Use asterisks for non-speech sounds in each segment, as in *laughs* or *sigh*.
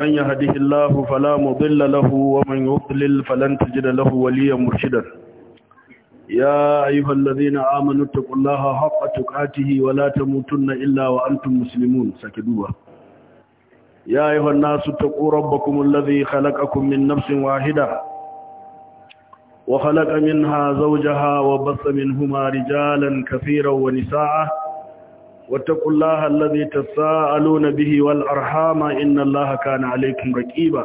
من يهده الله فلا مضل له ومن يضلل فلن تجد له وليا مرشدا يا أيها الذين آمنوا اتقوا الله حق تقاته ولا تموتن إلا وأنتم مسلمون سكدوبة يا أيها الناس اتقوا ربكم الذي خلقكم من نفس واحدة وخلق منها زوجها وبث منهما رجالا كثيرا ونساء واتقوا الله الذي تساءلون به والأرحام إن الله كان عليكم رقيبا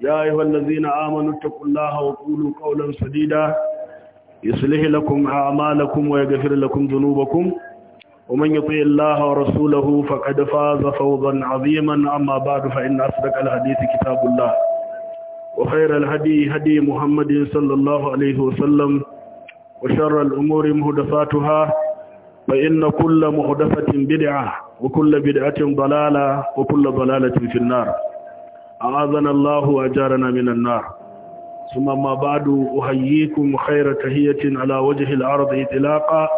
يا أيها الذين آمنوا اتقوا الله وقولوا قولا سديدا يصلح لكم أعمالكم ويغفر لكم ذنوبكم ومن يطيع الله ورسوله فقد فاز فوضا عظيما أما بعد فإن أصدق الحديث كتاب الله وخير الهدي هدي محمد صلى الله عليه وسلم وشر الأمور مهدفاتها فإن كل محدثة بدعة وكل بدعة ضلالة وكل ضلالة في النار أعاذنا الله وأجارنا من النار ثم ما بعد أحييكم خير تهية على وجه الأرض إطلاقا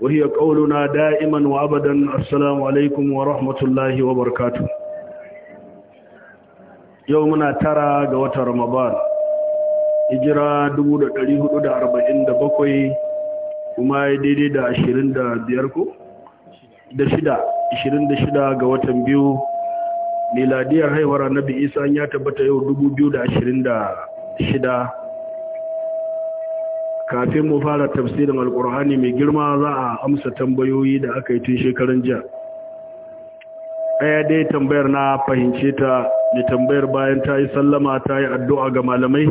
وهي قولنا دائما وأبدا السلام عليكم ورحمة الله وبركاته يومنا ترى قوة رمضان إجراء دبود 447 kuma ya daidai da ashirin da ko? da shida ashirin da shida ga watan biyu miladiyar haihuwar annabi isa ya tabbata yau dubu biyu da ashirin da shida kafin mu fara tafsirin alkur'ani mai girma za a amsa tambayoyi da aka yi tun shekarun jiya ɗaya dai tambayar na fahimce ta mai tambayar bayan ta yi sallama ta yi addu'a ga malamai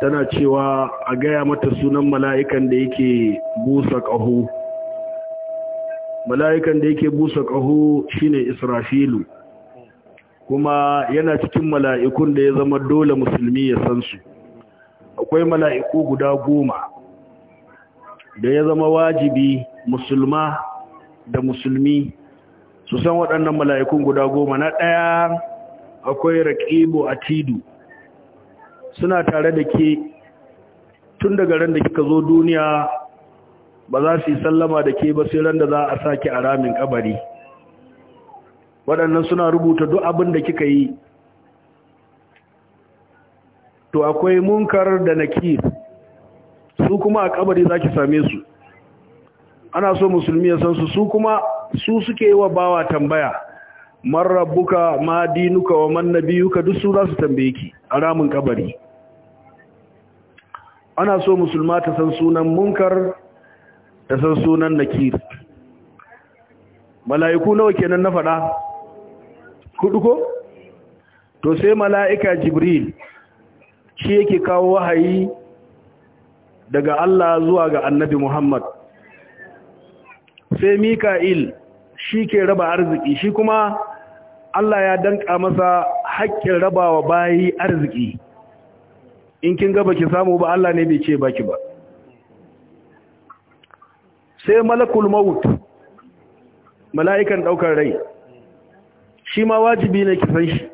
tana cewa a gaya mata sunan mala'ikan da yake busa ƙahu. mala'ikan da yake busa ƙaho shine israfilu kuma yana cikin mala'ikun da ya zama dole musulmi ya san su akwai mala'iku guda goma da ya zama wajibi musulma da musulmi su san waɗannan mala'ikun guda goma na ɗaya akwai raƙibu tidu. suna tare da ke tun daga ran da kika zo duniya ba za su yi sallama da ke ba sai ran da za a sake a ramin kabari waɗannan suna rubuta duk abin da kika yi to akwai munkar da nakir su kuma a kabari za ki same su ana so musulmi ya san su su kuma su suke yi wa bawa tambaya man rabbuka ma dinuka wa man nabiyuka duk su za su tambaye ki a ramin kabari ana so musulma ta san sunan munkar ta san sunan nakir mala'iku nawa kenan na faɗa hudu ko to sai mala'ika jibril shi yake kawo wahayi daga Allah zuwa ga annabi Muhammad sai Mika'il shi ke raba arziki shi kuma Allah ya danka masa haƙƙin rabawa bayi arziki in kin ga baki samu ba Allah ne bai ce baki ba sai malakul maut mala'ikan daukar rai shi ma wajibi ne ki san shi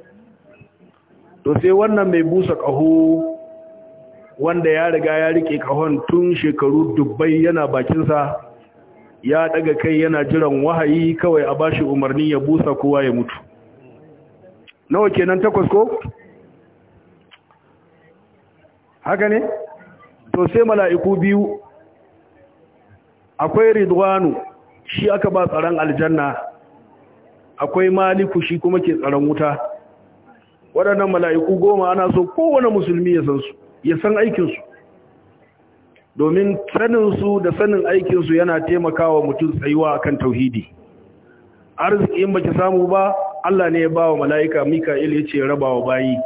to sai wannan mai busa kaho wanda ya riga ya rike kahon tun shekaru dubbai yana bakinsa ya daga kai yana jiran wahayi kawai a bashi umarni ya busa kowa ya mutu nawa kenan takwas ko haka ne to sai mala'iku biyu akwai ridwanu shi aka ba tsaron aljanna akwai maliku shi kuma ke tsaron wuta waɗannan mala'iku goma ana so kowane musulmi ya san su ya san aikinsu domin saninsu da sanin aikinsu yana taimakawa mutum tsayuwa kan tauhidi in baki samu ba Allah ne ya ba wa mala'ika Mika'il ya ce raba wa bayi,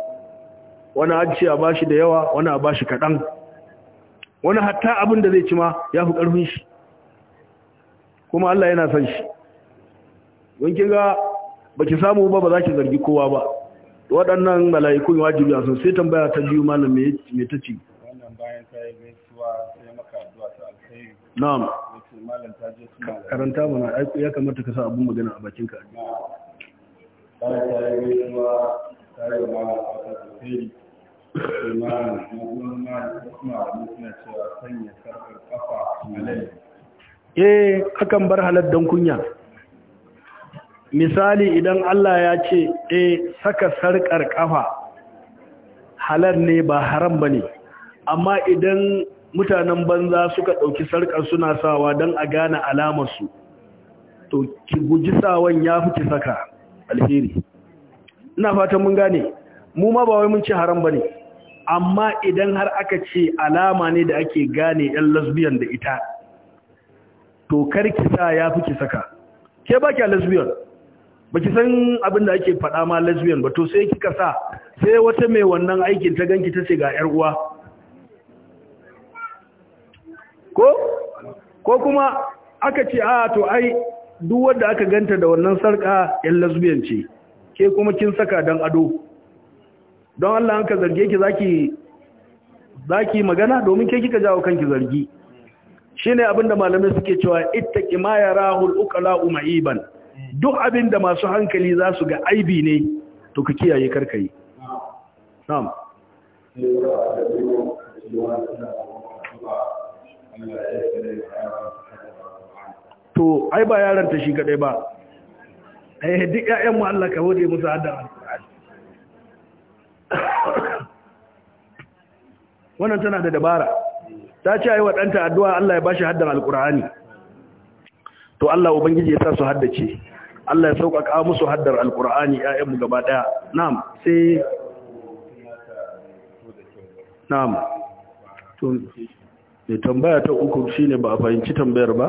wani hajji a bashi da yawa, wani a bashi kaɗan, wani hatta abin da zai ci ma ya fi ƙarfin shi, kuma Allah yana son shi. Wankin ga ba ki samu ba ba za ki zargi kowa ba, waɗannan mala'ikun wajibi sun sai tambaya ta biyu malam mai ta ci. Wannan bayan ta yi gaisuwa sai maka addu'a ta alkhairi. Na'am. Karanta mana ya kamata ka sa abun magana a bakinka. Na'am. bayan eh hakan bar halar kunya misali idan Allah ya ce eh saka sarƙar ƙafa halar ne ba haram ba ne, amma idan mutanen banza suka ɗauki sarkar suna sawa don a gane alamarsu, to ki guji sawan yafi ki saka alheri ina fatan mun gane mu ma ba wai mun ci haram bane amma idan har aka ce alama ne da ake gane yan lesbian da ita to kar ki sa fi ki saka ke ba ki lesbian ki san abin da ake faɗa ma lesbian ba to sai kika sa sai wata mai wannan aikin ta ganki ta ce ga yar uwa ko ko kuma aka ce a ah, to ai duk wanda aka ganta da wannan sarka yan lesbian ce ke kuma kin saka dan ado don Allah an ka zarge ki zaki zaki magana domin ke kika jawo kanki zargi shine abinda malamai suke cewa ittaqi ma yarahul uqala umaiban duk abinda masu hankali za su ga aibi ne to ka kiyaye karkai na'am Allah ya to ai ba yaran ta shi kadai ba eh duk ƴaƴan mu Allah ka hode musu hadda wannan tana da dabara ta ce ai wa danta addu'a Allah ya bashi haddan alqur'ani to Allah ubangiji ya sa su haddace Allah ya sauƙaƙa musu haddar alqur'ani ƴaƴan mu gaba daya na'am sai na'am to ne tambaya ta uku shine ba a fahimci tambayar ba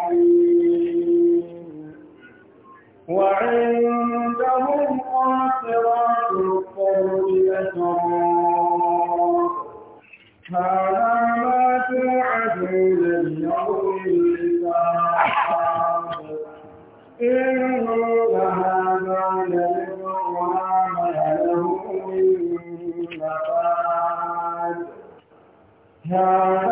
وعندهم قاصرات القول أتراب هذا ما توعدون ليوم الحساب إن هذا للقرآن ما له من مفاد هذا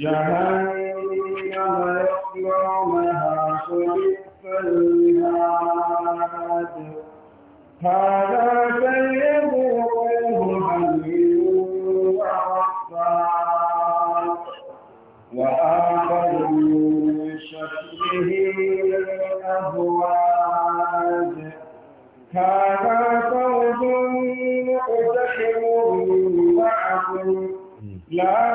جهنم يصلونها فبئس المهاد هذا فليذوقوه حميم وغساق وآخر من شكله أزواج هذا فوج مقتحم معكم لا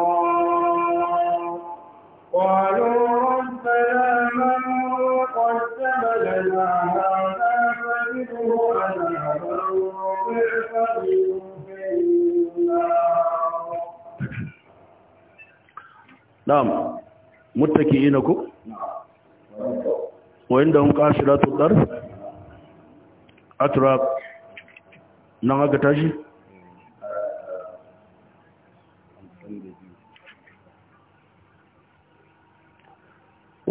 na'am muttaqiina ku wa inda hum qashiratu dar atrab nan aka tashi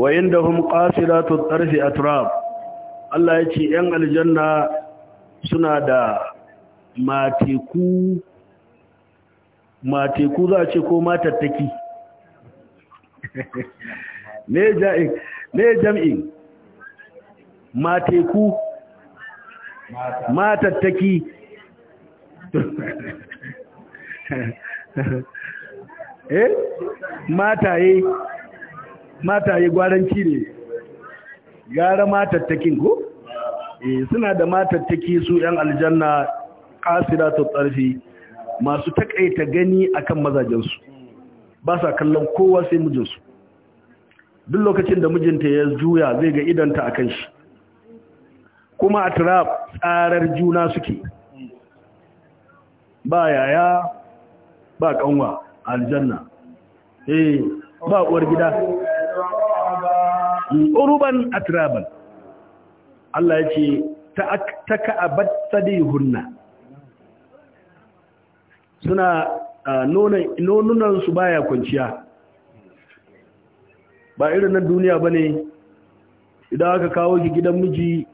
wa inda hum qasiratu tarfi atrab Allah ya ce ‘yan aljanna suna da mateku za a ce ko matattaki, ne *laughs* jam'i mateku matattaki *laughs* eh mataye mataye gwaranci ne gara matattakin ko eh suna da matattaki su yan aljanna qasiratu tsarfi. masu takaita gani akan mazajensu ba sa kallon kowa sai mijinsu duk lokacin da mijinta ya juya zai ga idanta a kan shi kuma a tirab tsarar juna suke ba yaya ba kanwa aljanna eh ba uwar gida uruban atraban Allah ya ce ta ka'abat hunna suna nonunan su baya kwanciya ba irin nan duniya ba ne idan aka kawo ki gidan miji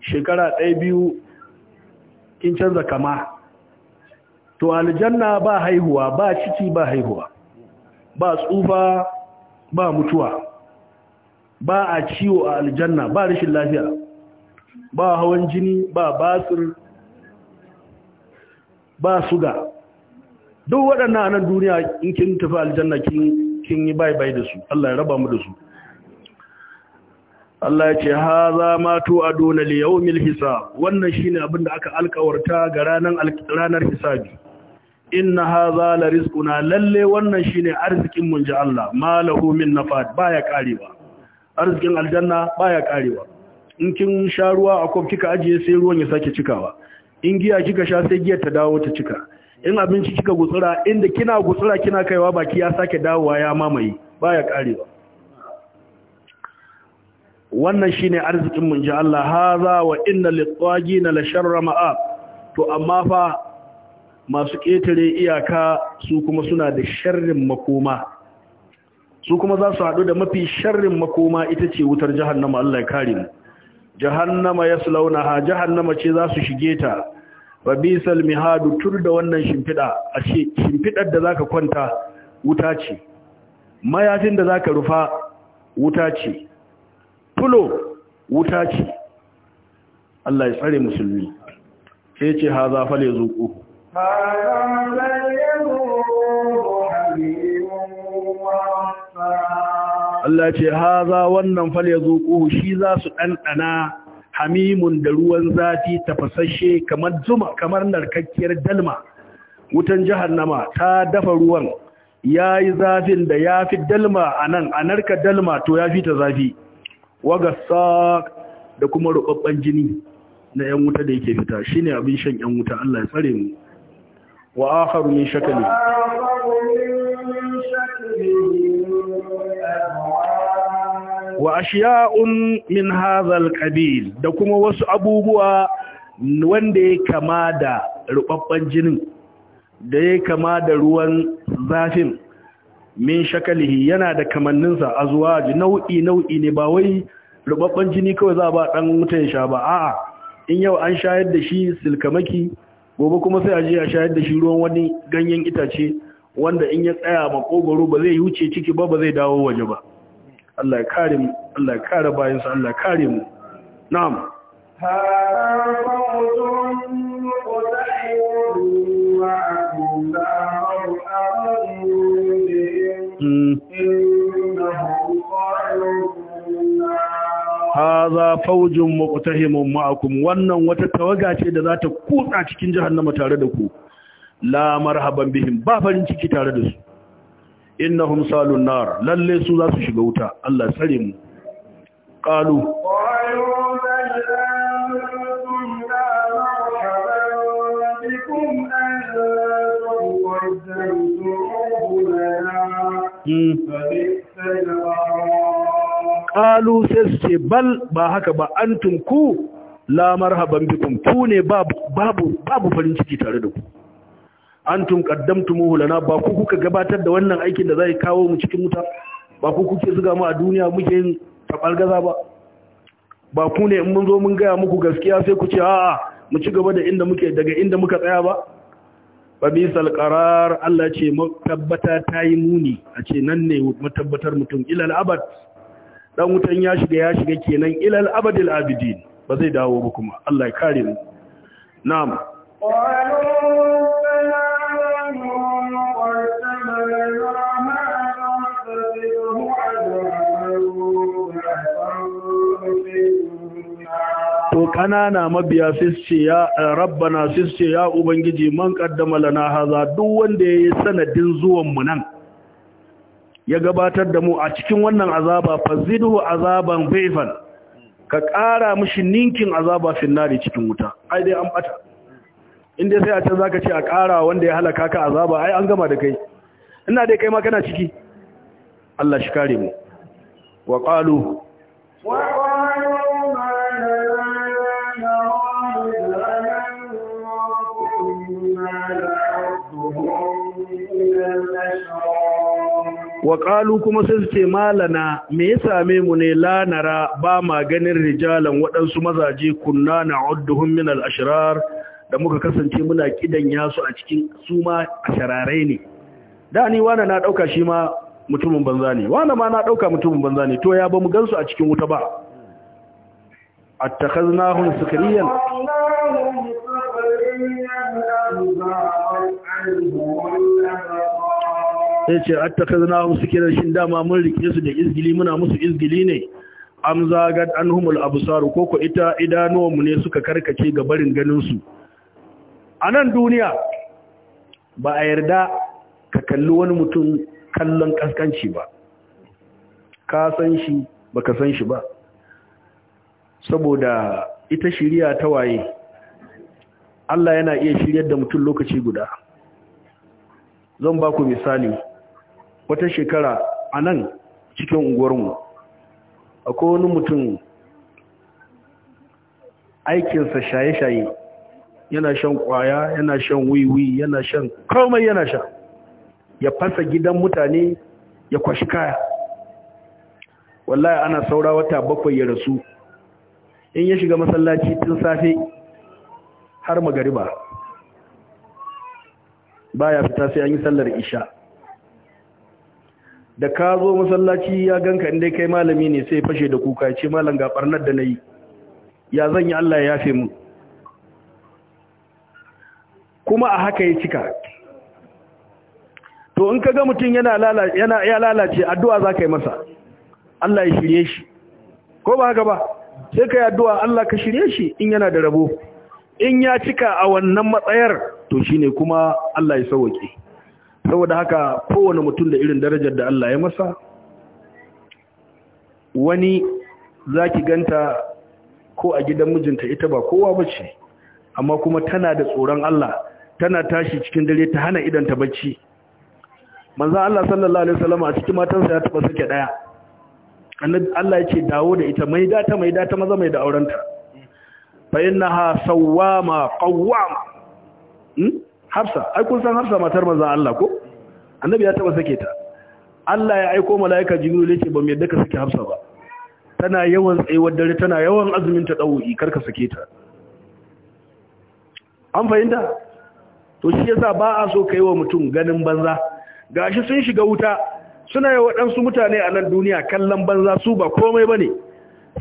shekara ɗaya biyu kin canza kama to aljanna ba haihuwa ba ciki ba haihuwa ba tsufa ba mutuwa ba a ciwo a aljanna ba rashin lafiya ba hawan jini ba basir ba suga duk waɗannan a nan duniya in kin tafi aljanna kin yi bai bai da su Allah ya raba mu da su Allah ya ce haza mato ma tu aduna li yawmil hisab wannan shine abin da aka alkawarta ga ranar ranar hisabi inna haza la rizquna lalle wannan shine arzikin mun ji Allah malahu min nafad baya karewa arzikin aljanna baya karewa in kin sha ruwa a kofi kika ajiye sai ruwan ya sake cikawa in giya kika sha sai giyar ta dawo ta cika in abinci kika gutsura inda kina gutsura kina kaiwa baki ya sake dawowa ya mamaye baya karewa wannan shine arzikin mun ji Allah haza wa inna lit tawajina la sharra ma'a to amma fa masu ketare iyaka su kuma suna da sharrin makoma su kuma za su haɗu da mafi sharrin makoma ita ce wutar jahannama Allah ya kare mu jahannama yaslaunaha jahannama ce za su shige ta wa Salmi, mihadu tur da wannan shimfida a ce shimfidar da zaka kwanta wuta ce mayafin da zaka rufa wuta ce Tulo wuta ce Allah ya tsare musulmi sai ce haza fal yazuqu Allah ce haza wannan fal yazuqu shi za su ɗanɗana. hamimun da ruwan zafi tafasashe kamar zuma kamar narkakkiyar dalma wutan jahannama ta dafa ruwan ya yi zafin da ya fi dalma a nan a narka dalma to ya fi ta zafi wagasa da kuma rubabban jini na 'yan wuta da yake fita shine abin shan 'yan wuta Allah ya tsare mu wa akharu min shakali wa ashiya'un min hazal qabil da kuma wasu abubuwa wanda ya kama da rubabban jinin da ya kama da ruwan zafin min shakalihi yana da kamanninsa a zuwa nau'i nau'i ne ba wai rubabban jini kawai za ba dan mutan sha ba a'a in yau an shayar da shi silkamaki gobe kuma sai a je a shayar da shi ruwan wani ganyen itace wanda in ya tsaya makogoro ba zai wuce ciki ba ba zai dawo waje ba Allah ya kare mu Allah ya kare bayan sa Allah ya kare mu na'am hmm. haza faujin muqtahimun ma'akum wannan wata tawaga ce da za ta kutsa cikin jahannama tare da ku la marhaban bihim ba farin ciki tare da su innahum salun nar lalle su za su shiga wuta Allah tsare mu qalu hmm, qalu sai su ce bal ba haka ba antum ku la marhaban bikum ku ne babu babu babu farin ciki tare da ku antum qaddamtumuhu lana ba ku kuka gabatar da wannan aikin da zai kawo mu cikin wuta ba ku kuke zuga mu a duniya muke yin gaza ba ba ku ne in mun zo mun gaya muku gaskiya sai ku ce a'a mu ci gaba da inda muke daga inda muka tsaya ba Ba misal qarar Allah ce tabbata tayi muni a ce nan ne matabbatar mutum ilal abad dan wutan ya shiga ya shiga kenan ilal abadil abidin ba zai dawo ba kuma Allah ya kare mu na'am to kanana mabiya sisce ya eh, rabbana sisce ya ubangiji man kaddama lana haza duk wanda yayi sanadin zuwan mu nan ya gabatar da mu a cikin wannan azaba fazidhu azaban bayfan ka ƙara mishi ninkin azaba finnari cikin wuta ai dai an bata inda sai a ce zaka ce a ƙara wanda ya halaka ka azaba ai an gama da kai ina dai kai ma kana ciki Allah shi kare mu wa qalu wa ƙalu kuma sai ce malana me ya same mu ne lanara ba ma ganin rijalan waɗansu mazaje kunna na udduhum min al da muka kasance muna kidan yasu a cikin su ma ashararai ne da ni wani na ɗauka shi ma mutumin banza ne wani ma na ɗauka mutumin banza ne to ya ba mu gansu a cikin wuta ba attakhadnahum sukriyan sai ce attakazna hum suke da shin dama mun rike su da izgili muna musu izgili ne am zagat anhumul absar ko ko ita idanuwan mu ne suka karkace ga barin ganin su anan duniya ba a yarda ka kalli wani mutum kallon kaskanci ba ka san shi baka san shi ba saboda ita shiriya ta waye Allah yana iya shiryar da mutum lokaci guda zan ba ku misali wata shekara a nan cikin unguwarmu akwai wani mutum aikinsa shaye-shaye yana shan kwaya yana shan wiwi yana shan komai yana sha ya fasa gidan mutane ya kwashi kaya wallahi ana saura wata bakwai ya rasu in ya shiga masallaci tun safe har magariba ya fita sai an yi sallar isha da ka zo masallaci ya ganka inda kai malami ne sai fashe da kuka ce malam ga barnar da nayi ya zan yi Allah ya yafe mu kuma a haka ya cika to in ka ga mutum yana lalace yana ya lalace addu'a zaka yi masa Allah ya shirye shi ko ba haka ba sai kai addu'a Allah ka shirye shi in yana da rabo in ya cika a wannan matsayar to shine kuma Allah ya sauke saboda haka kowane mutum da irin darajar da Allah ya masa wani zaki ganta ko a gidan mijinta ita ba kowa bace amma kuma tana da tsoron Allah tana tashi cikin dare ta hana ta bacci manzo Allah sallallahu alaihi wasallam a cikin matansa ya taba sake daya Allah yake dawo da ita mai data mai data maza mai da aurenta fa innaha sawama qawwama hmm? hafsa ai kun san hafsa matar manzo Allah ko annabi ya taba sake ta Allah ya aiko malaika jibril yace ba mu yadda ka sake hafsa ba tana yawan tsayuwar dare tana yawan azumin ta dawo'i karka ka sake ta an fahimta to shi yasa ba a so kaiwa wa mutum ganin banza gashi sun shiga wuta suna dan waɗansu mutane a nan duniya kallon banza su ba komai ba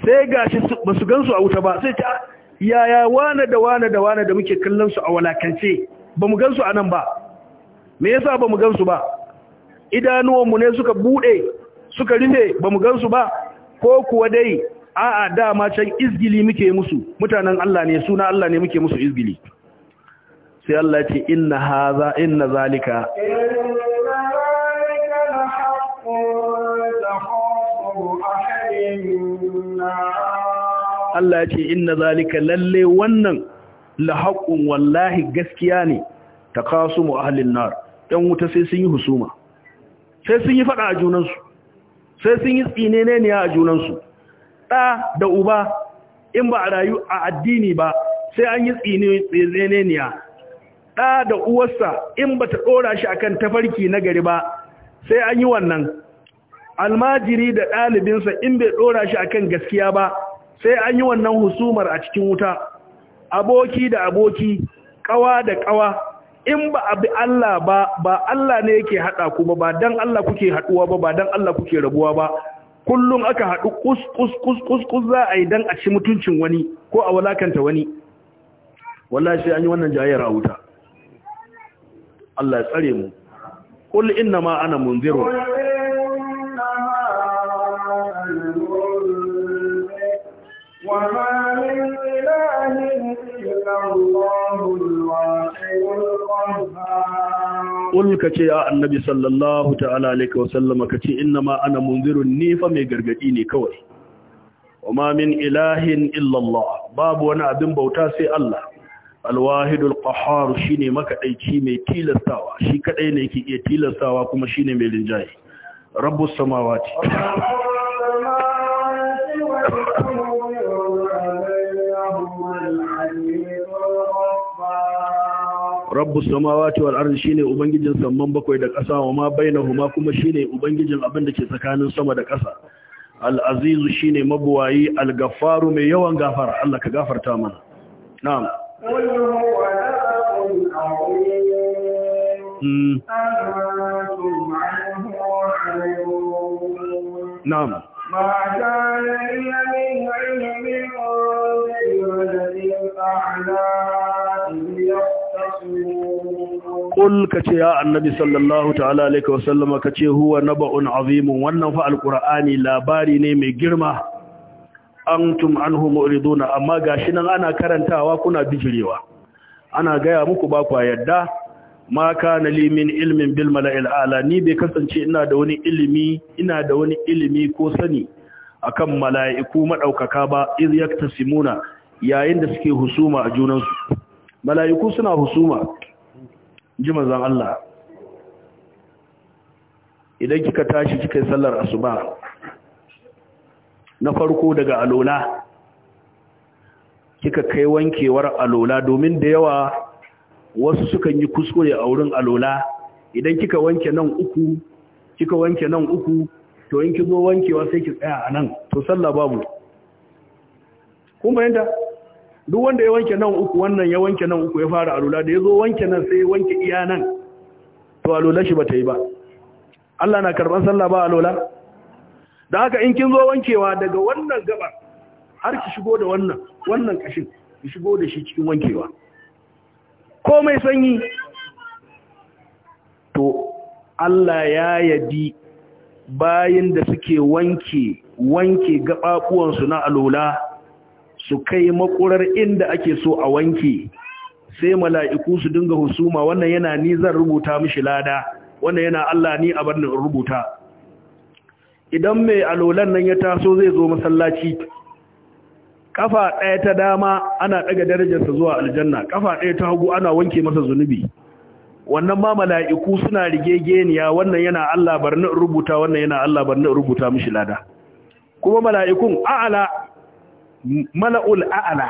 sai gashi ba su gansu a wuta ba sai ta yaya wane da wane da wane da muke kallon su a walakance ba mu gansu a nan ba me yasa ba mu gansu ba idanuwanmu ne suka buɗe suka rufe ba mu gansu ba ko kuwa dai a'a dama can izgili muke musu mutanen Allah ne suna Allah ne muke musu izgili sai Allah ce inna haza inna zalika Allah ce inna zalika lalle wannan lahaƙun wallahi gaskiya ne ta kasu mu ahalin nar ɗan wuta sai sun yi husuma sai sun yi faɗa a junansu sai sun yi tsine ne a junansu ɗa da uba in ba a rayu a addini ba sai an yi tsine ne ɗa da uwarsa in ba ta ɗora shi akan tafarki na gari ba sai an yi wannan almajiri da ɗalibinsa in bai ɗora shi akan gaskiya ba sai an yi wannan husumar a cikin wuta aboki da aboki kawa da kawa in ba abi Allah ba ba Allah ne yake haɗa ku ba ba dan Allah kuke haɗuwa ba ba dan Allah kuke rabuwa ba kullum aka haɗu kus kus kus kus za a yi dan a ci mutuncin wani ko a walakanta wani wallahi sai an yi wannan jayyar a wuta Allah ya tsare mu kul inna ma ana munzirun wa ƙul ka ce ya annabi sallallahu ta'ala alaika wasallama ka ce ina ma ana munzirin nifa mai gargaɗi ne kawai wa min ilahin illallah babu wani abin bauta sai Allah alwahidul qahhar shine makaɗaici mai tilastawa shi kaɗai ne yake iya tilastawa kuma shine mai linjayi rabbus samawati rabbus samawati wal ardi shine ubangijin samman bakwai da ƙasa wa ma bainahuma kuma shine ubangijin abin da ke tsakanin sama da ƙasa al aziz shine mabuwayi al gaffaru mai yawan gafara Allah ka gafarta mana na'am نعم ما كان لي من علم بالولد الأعلى kul kace ya annabi sallallahu ta'ala alaihi wasallama kace huwa naba'un azimu. wannan fa alqur'ani labari ne mai girma antum anhu mu'riduna amma gashi nan ana karantawa kuna bijirewa ana gaya muku ba kwa yadda ma kana li min ilmin bil mala'il ala ni bai kasance ina da wani ilimi ina da wani ilimi ko sani akan mala'iku madaukaka ba iz yaktasimuna yayin da suke husuma a junansu mala'iku suna husuma ji mazan Allah idan kika tashi kika sallar asuba na farko daga alola kika kai wankewar alola domin da yawa wasu sukan yi kuskure a wurin alola idan kika wanke nan uku kika wanke nan uku to in ki zo wankewa sai ki tsaya anan, to sallah babu kun bayanta duk wanda ya wanke nan uku wannan ya wanke nan uku ya fara alula da ya zo wanke nan sai ya wanke iya nan to alula shi ba ta yi ba Allah na karban sallah ba alula da haka in kin zo wankewa daga wannan gaba har ki shigo da wannan wannan kashin ki shigo da shi cikin wankewa komai sanyi to Allah ya yadi bayin da suke wanke wanke gaɓaɓuwansu na alula su kai makurar inda ake so a wanke sai mala'iku su dinga husuma wannan yana ni zan rubuta mishi lada wannan yana Allah ni a bar rubuta idan mai alolan nan ya taso zai zo masallaci kafa ɗaya ta dama ana ɗaga darajarsa zuwa aljanna kafa ɗaya ta hagu ana wanke masa zunubi wannan ma mala'iku suna rigegeniya wannan yana Allah bar rubuta wannan yana Allah bar rubuta mishi lada kuma mala'ikun a'ala mala'ul a'ala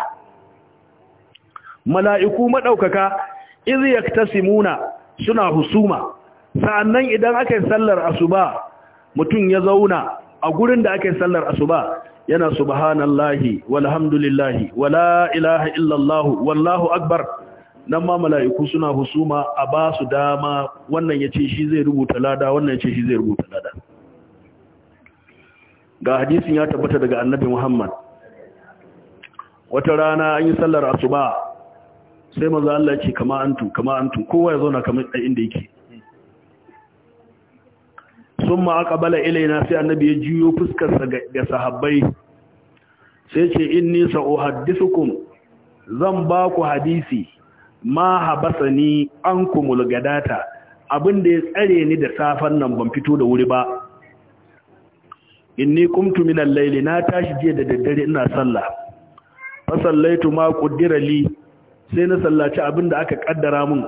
mala'iku madaukaka iz yaktasimuna suna husuma sa'annan idan aka yi sallar asuba mutum ya zauna a gurin da aka yi sallar asuba yana subhanallahi walhamdulillahi wala ilaha illallahu wallahu akbar nan ma mala'iku suna husuma a ba su dama wannan ya shi zai rubuta lada wannan ya ce shi zai rubuta lada ga hadisin ya tabbata daga annabi muhammad wata rana an yi sallar asuba sai maza Allah ce kama antu kama antu kowa ya zauna kamar ɗan inda yake sun ma aka bala ilaina sai annabi ya juyo fuskarsa ga sahabbai sai ce in nisa o haddisukun, zan ba ku hadisi ma habasa ni an kumul gadata abinda ya tsare ni da safan nan ban fito da wuri ba In ni kumtu minan laili na tashi jiya da daddare ina sallah fasallaitu ma qaddara li sai na sallaci abinda aka kaddara mun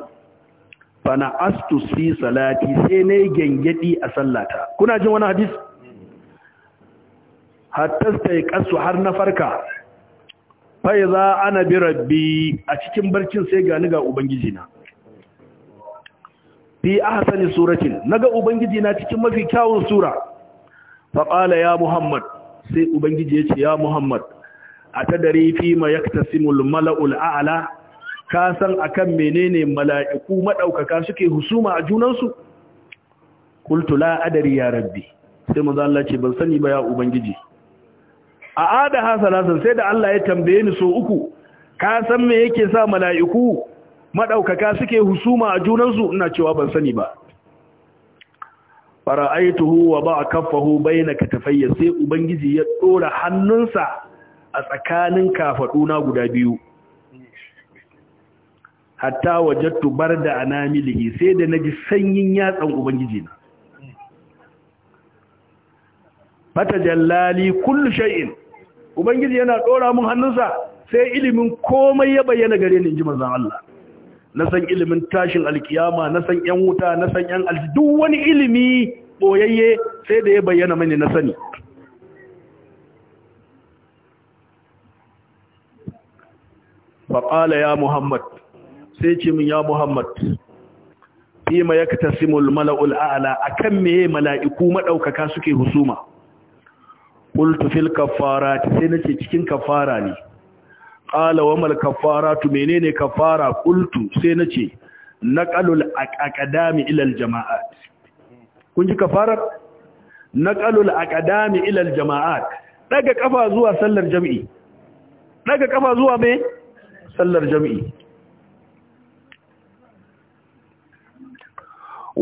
na astu fi salati sai nayi gengedi a sallata kuna jin wani hadisi hatta sai kasu har na farka fa iza ana bi rabbi a cikin barcin sai gani ga ubangiji na fi ahsani suratin naga ubangiji na cikin mafi kyawun sura fa qala ya muhammad sai ubangiji ya ce ya muhammad a ta dare fi ma simul mala'ul a’ala, ka san a mene menene mala'iku maɗaukaka suke husuma a junansu qultu adari ya rabbi sai manzo Allah ce ban sani ba ya ubangiji a ada ha salasan sai da Allah ya tambaye ni so uku ka san me yake sa mala'iku maɗaukaka suke husuma a junansu ina cewa ban sani ba fara'aituhu wa ba a kaffahu bayna katafayya sai ubangiji ya ɗora hannunsa a tsakanin kafaduna guda biyu hatta wajattu barda anamilihi sai da ji sanyin yatsan ubangiji na jallali kullu shay'in ubangiji yana dora mun hannunsa sai ilimin komai ya bayyana gare ni inji manzon Allah na san ilimin tashin alkiyama na san yan wuta na san yan alji duk wani ilimi ɓoyayye sai da ya bayyana mani na sani faƙala ya muhammad sai ce min ya muhammad fima ya katasimul mala'ul a'ala akan meye mala'iku maɗaukaka suke husuma qultu fil kaffara sai na ce cikin kafara ne qala wa mal kaffaratu menene kafara qultu sai na ce naqalul aqdami ila al jama'at kun ji kafarar naqalul aqdami ila al jama'at Ɗaga ƙafa zuwa sallar jam'i. Ɗaga ƙafa zuwa me sallar jami'i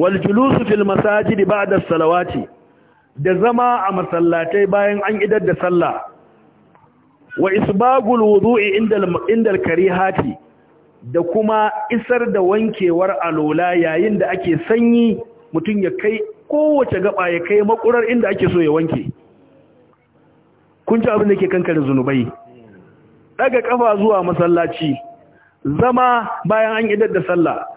waljulusu fil masajidi ba'da salawati da zama a masallatai bayan an idar da sallah wa isbagul wudu'i inda al-karihati da kuma isar da wankewar alola yayin da ake sanyi mutum ya kai kowace gaba ya kai makurar inda ake so ya wanke kun ci abin da ke kankare zunubai daga kafa zuwa masallaci zama bayan an idar da sallah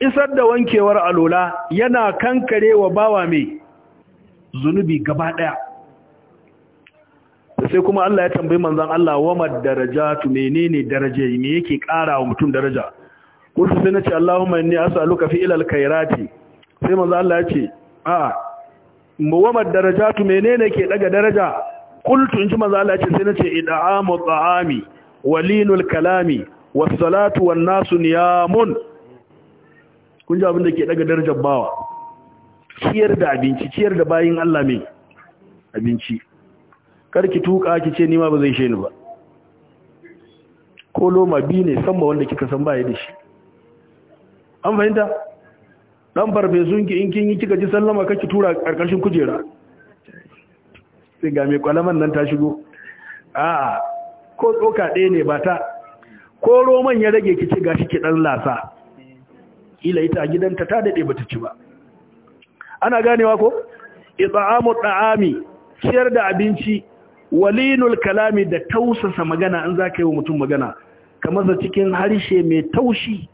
isar da wankewar alola yana kankare wa bawa mai zunubi gaba daya sai kuma Allah ya tambayi manzon Allah mad darajatu menene daraje ne yake kara wa mutum daraja kursu sai nace Allahumma inni as'aluka fi ilal khairati sai manzon Allah ya ce a mad darajatu menene ke daga daraja kultu inji manzon Allah ya ce sai nace id'amu ta'ami walinul kalami wassalatu wan nasu niyamun kun ji abin da ke daga darajar bawa ciyar da abinci ciyar da bayin Allah mai abinci karki tuka ki ce nima ba zai she ni ba ko loma bi ne san ba wanda kika san baya da shi an fahimta dan farfesun ki in kin yi kika ji sallama kake tura karkashin kujera sai ga mai kwalaman nan ta shigo a'a ko tsoka ɗaya ne ba ta ko roman ya rage kici gashi ki kiɗan lasa ila ita a gidanta ta ba bata ci ba ana ganewa ko it'amu da'ami ciyar da abinci walinul kalami da tausasa magana an ka yi wa mutum magana kamar da cikin harshe mai taushi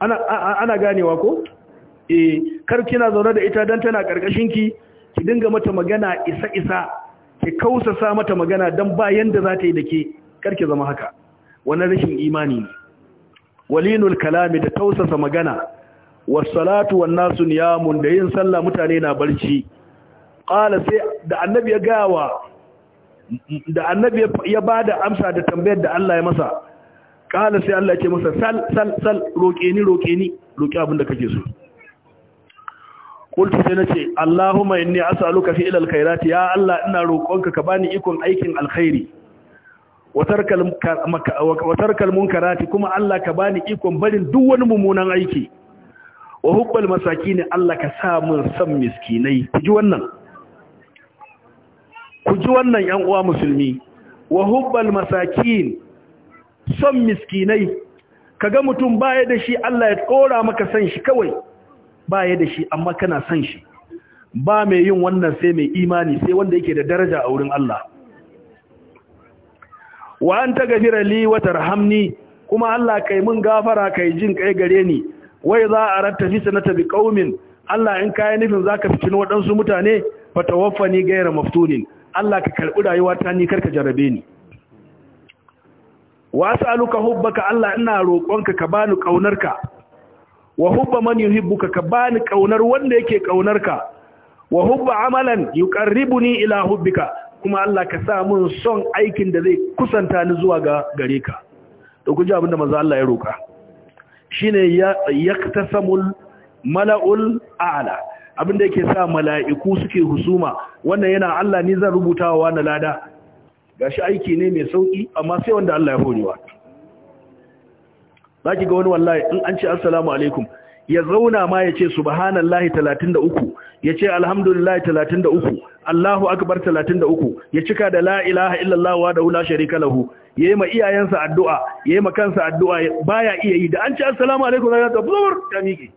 ana gane ganewa ko eh, kar kina zaune da ita don tana ƙarƙashinki ki ki dinga mata magana isa isa ki kausasa mata magana dan ba yanda za ta yi da ke karki zama haka wannan rashin imani ne walinul kalami da tausasa magana wassalatu wan nasu niyamun da yin sallah mutane na barci qala sai da annabi ya gawa da annabi ya bada amsa da tambayar da Allah ya masa qala sai Allah ya ce masa sal sal sal roke ni roke ni roki abin da kake so kultu sai nace Allahumma inni as'aluka fi ilal khairati ya Allah ina roƙonka ka bani ikon aikin alkhairi wa tarkal munkarati kuma Allah ka bani ikon barin duk wani mummunan aiki wa hubbal masakin Allah ka sa mun san miskinai ku ji wannan ku ji wannan yan uwa musulmi wa hubbal masakin son miskinai kaga mutum baya da shi Allah ya tsora maka san shi kawai ba ya da shi amma kana san shi ba mai yin wannan sai mai imani sai wanda yake da daraja a wurin Allah wa an ta gafira li wa tarhamni kuma Allah kai mun gafara kai jin kai gare ni wai za a ratta fi sanata bi qaumin Allah in kai nufin zaka fitin wadansu mutane Fa tawaffani gaira maftunin Allah ka karbi rayuwa ta ni karka jarabe ni wa as'aluka hubbaka Allah ina roƙonka ka bani kaunarka wa hubba man yuhibbuka ka bani kaunar wanda yake kaunarka wa hubba amalan yuqarribuni ila hubbika kuma Allah ka sa mun son aikin da zai kusanta ni zuwa ga gare ka to ku abinda manzo Allah ya roka shine ya yaktasamul mala'ul a'la abinda yake sa mala'iku suke husuma wannan yana Allah ni zan rubutawa na lada gashi aiki ne mai sauki amma sai wanda Allah ya horewa za ki ga wani wallahi in an ce assalamu alaikum ya zauna ma ya ce subhanallahi 33 ya ce alhamdulillahi 33 Allahu akbar 33 ya cika da la ilaha illallah wa da la sharika lahu yi ma iyayensa addu'a yi ma kansa addu'a baya iya yi da an ce assalamu alaikum zai ta bur ta miƙe.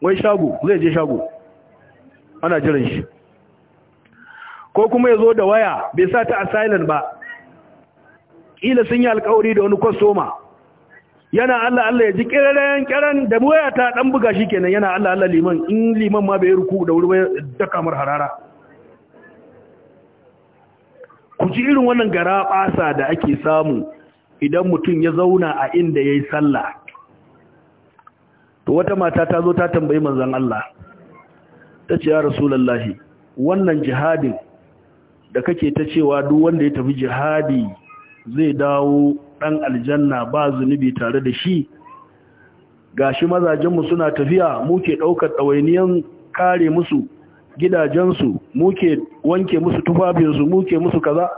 wai shago zai je shago ana jiran shi ko kuma ya zo da waya bai sa ta asylum ba Ƙila sun yi alkawari da wani kwastoma yana Allah Allah ya ji kirayen kiran da waya ta dan buga shi kenan yana Allah Allah liman in liman ma bai ruku da wuri ba da kamar harara ku ji irin wannan gara basa da ake samu idan mutum ya zauna a inda yayi sallah to wata mata ta zo ta tambayi manzon Allah ta ce ya rasulullahi wannan jihadin da kake ta cewa duk wanda ya tafi jihadi zai dawo ɗan aljanna ba zunubi tare da shi gashi mazajenmu suna tafiya muke ɗaukar ɗawainiyan kare musu gidajensu muke wanke musu tufafinsu muke musu kaza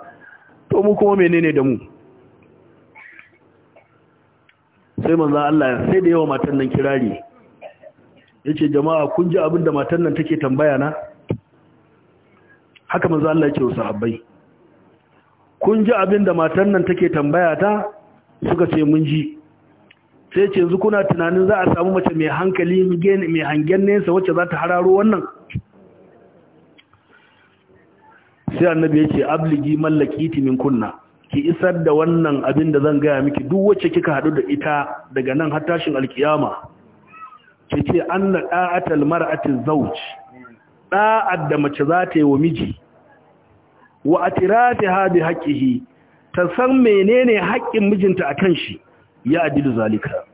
to mu kuma menene da mu sai manzo Allah sai da yawa matan nan kirari yace jama'a kun ji abin da matan nan take tambaya na haka manzo Allah yake wa sahabbai kun ji abin da matan nan take tambaya ta suka ce mun ji sai ce yanzu kuna tunanin za a samu mace mai hankali mai hangen nesa wacce za ta hararo wannan sai annabi ya ce abligi mallaki timin kunna ki isar da wannan abin da zan gaya miki duk wacce kika hadu da ita daga nan har tashin alkiyama ki ce na da'atal mara'atin zauci da'ad da mace za ta yi wa miji wa atiratiha bi haqqihi ta san menene haƙƙin mijinta akan shi ya adilu zalika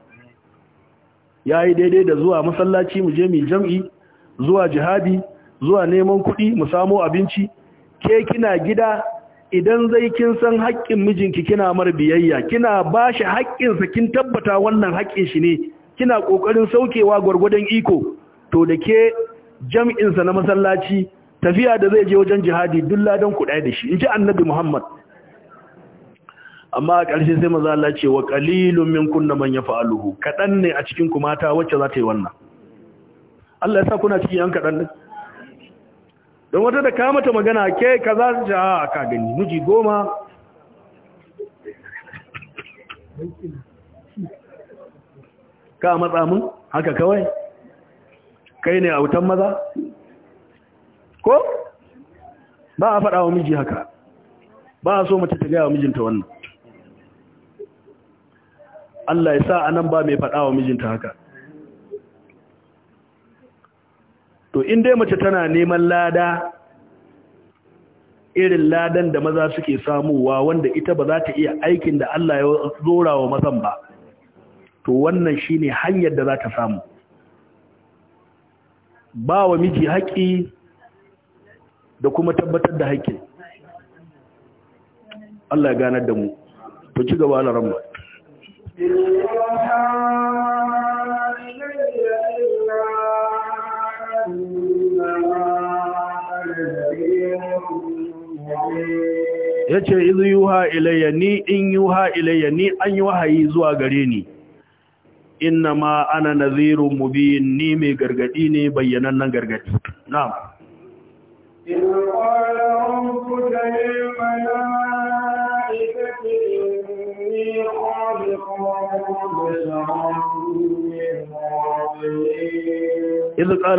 yayi daidai da zuwa masallaci mu je mu jam'i zuwa jihadi zuwa neman kuɗi mu samo abinci ke kina gida idan zai kin san haƙƙin mijinki kina mar biyayya kina ba bashi haƙƙinsa kin tabbata wannan haƙƙin shi ne kina ƙoƙarin saukewa gwargwadon iko to da ke jam'insa na masallaci tafiya da zai je wajen jihadi duk ladan ku da shi in ji annabi muhammad amma a ƙarshe sai maza Allah ce wa qalilun minkum man yaf'aluhu kadan ne a cikin ku mata wacce za ta yi wannan Allah ya sa kuna cikin yan kadan din don wata da ka mata magana ke kaza ta a ka gani miji goma ka matsa mun haka kawai kai ne a wutan maza ko ba a faɗa wa miji haka ba a so mace ta gaya wa mijinta wannan Allah ya sa a nan ba mai faɗa wa mijinta haka to in dai mace tana neman lada irin ladan da maza suke samuwa wanda ita ba za ta iya aikin da Allah ya zora wa mazan ba to wannan shine hanyar da za ta samu ba wa miji haƙi da kuma tabbatar da haƙƙi Allah ya ganar da mu to ci gaba na ramma ya ce izu yuha ilayya ni in yuha ilayya ni an yi wahayi zuwa gare ni inna ma ana nazirun mubin ni mai gargadi ne nan gargadi na'am إذ قال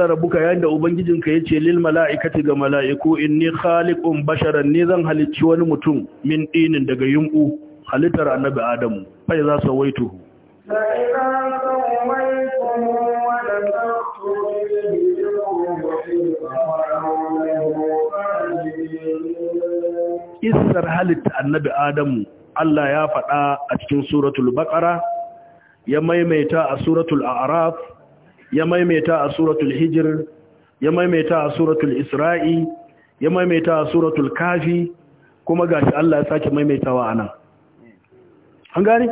ربك يا عند خالق يتي للملائكة da ubangijinka yace lil ga mala'iku inni khaliqun basharan ni zan halicci wani mutum min dinin daga yunku halitar annabi adamu fa za su wa lam Isar halitta annabi Adamu Allah ya faɗa a cikin suratul Baƙara, ya maimaita a suratul Araf, ya maimaita a suratul Hijir, ya maimaita a suratul Isra'i, ya maimaita a suratul Kafi, kuma gashi Allah ya sake maimaitawa a nan. An gani?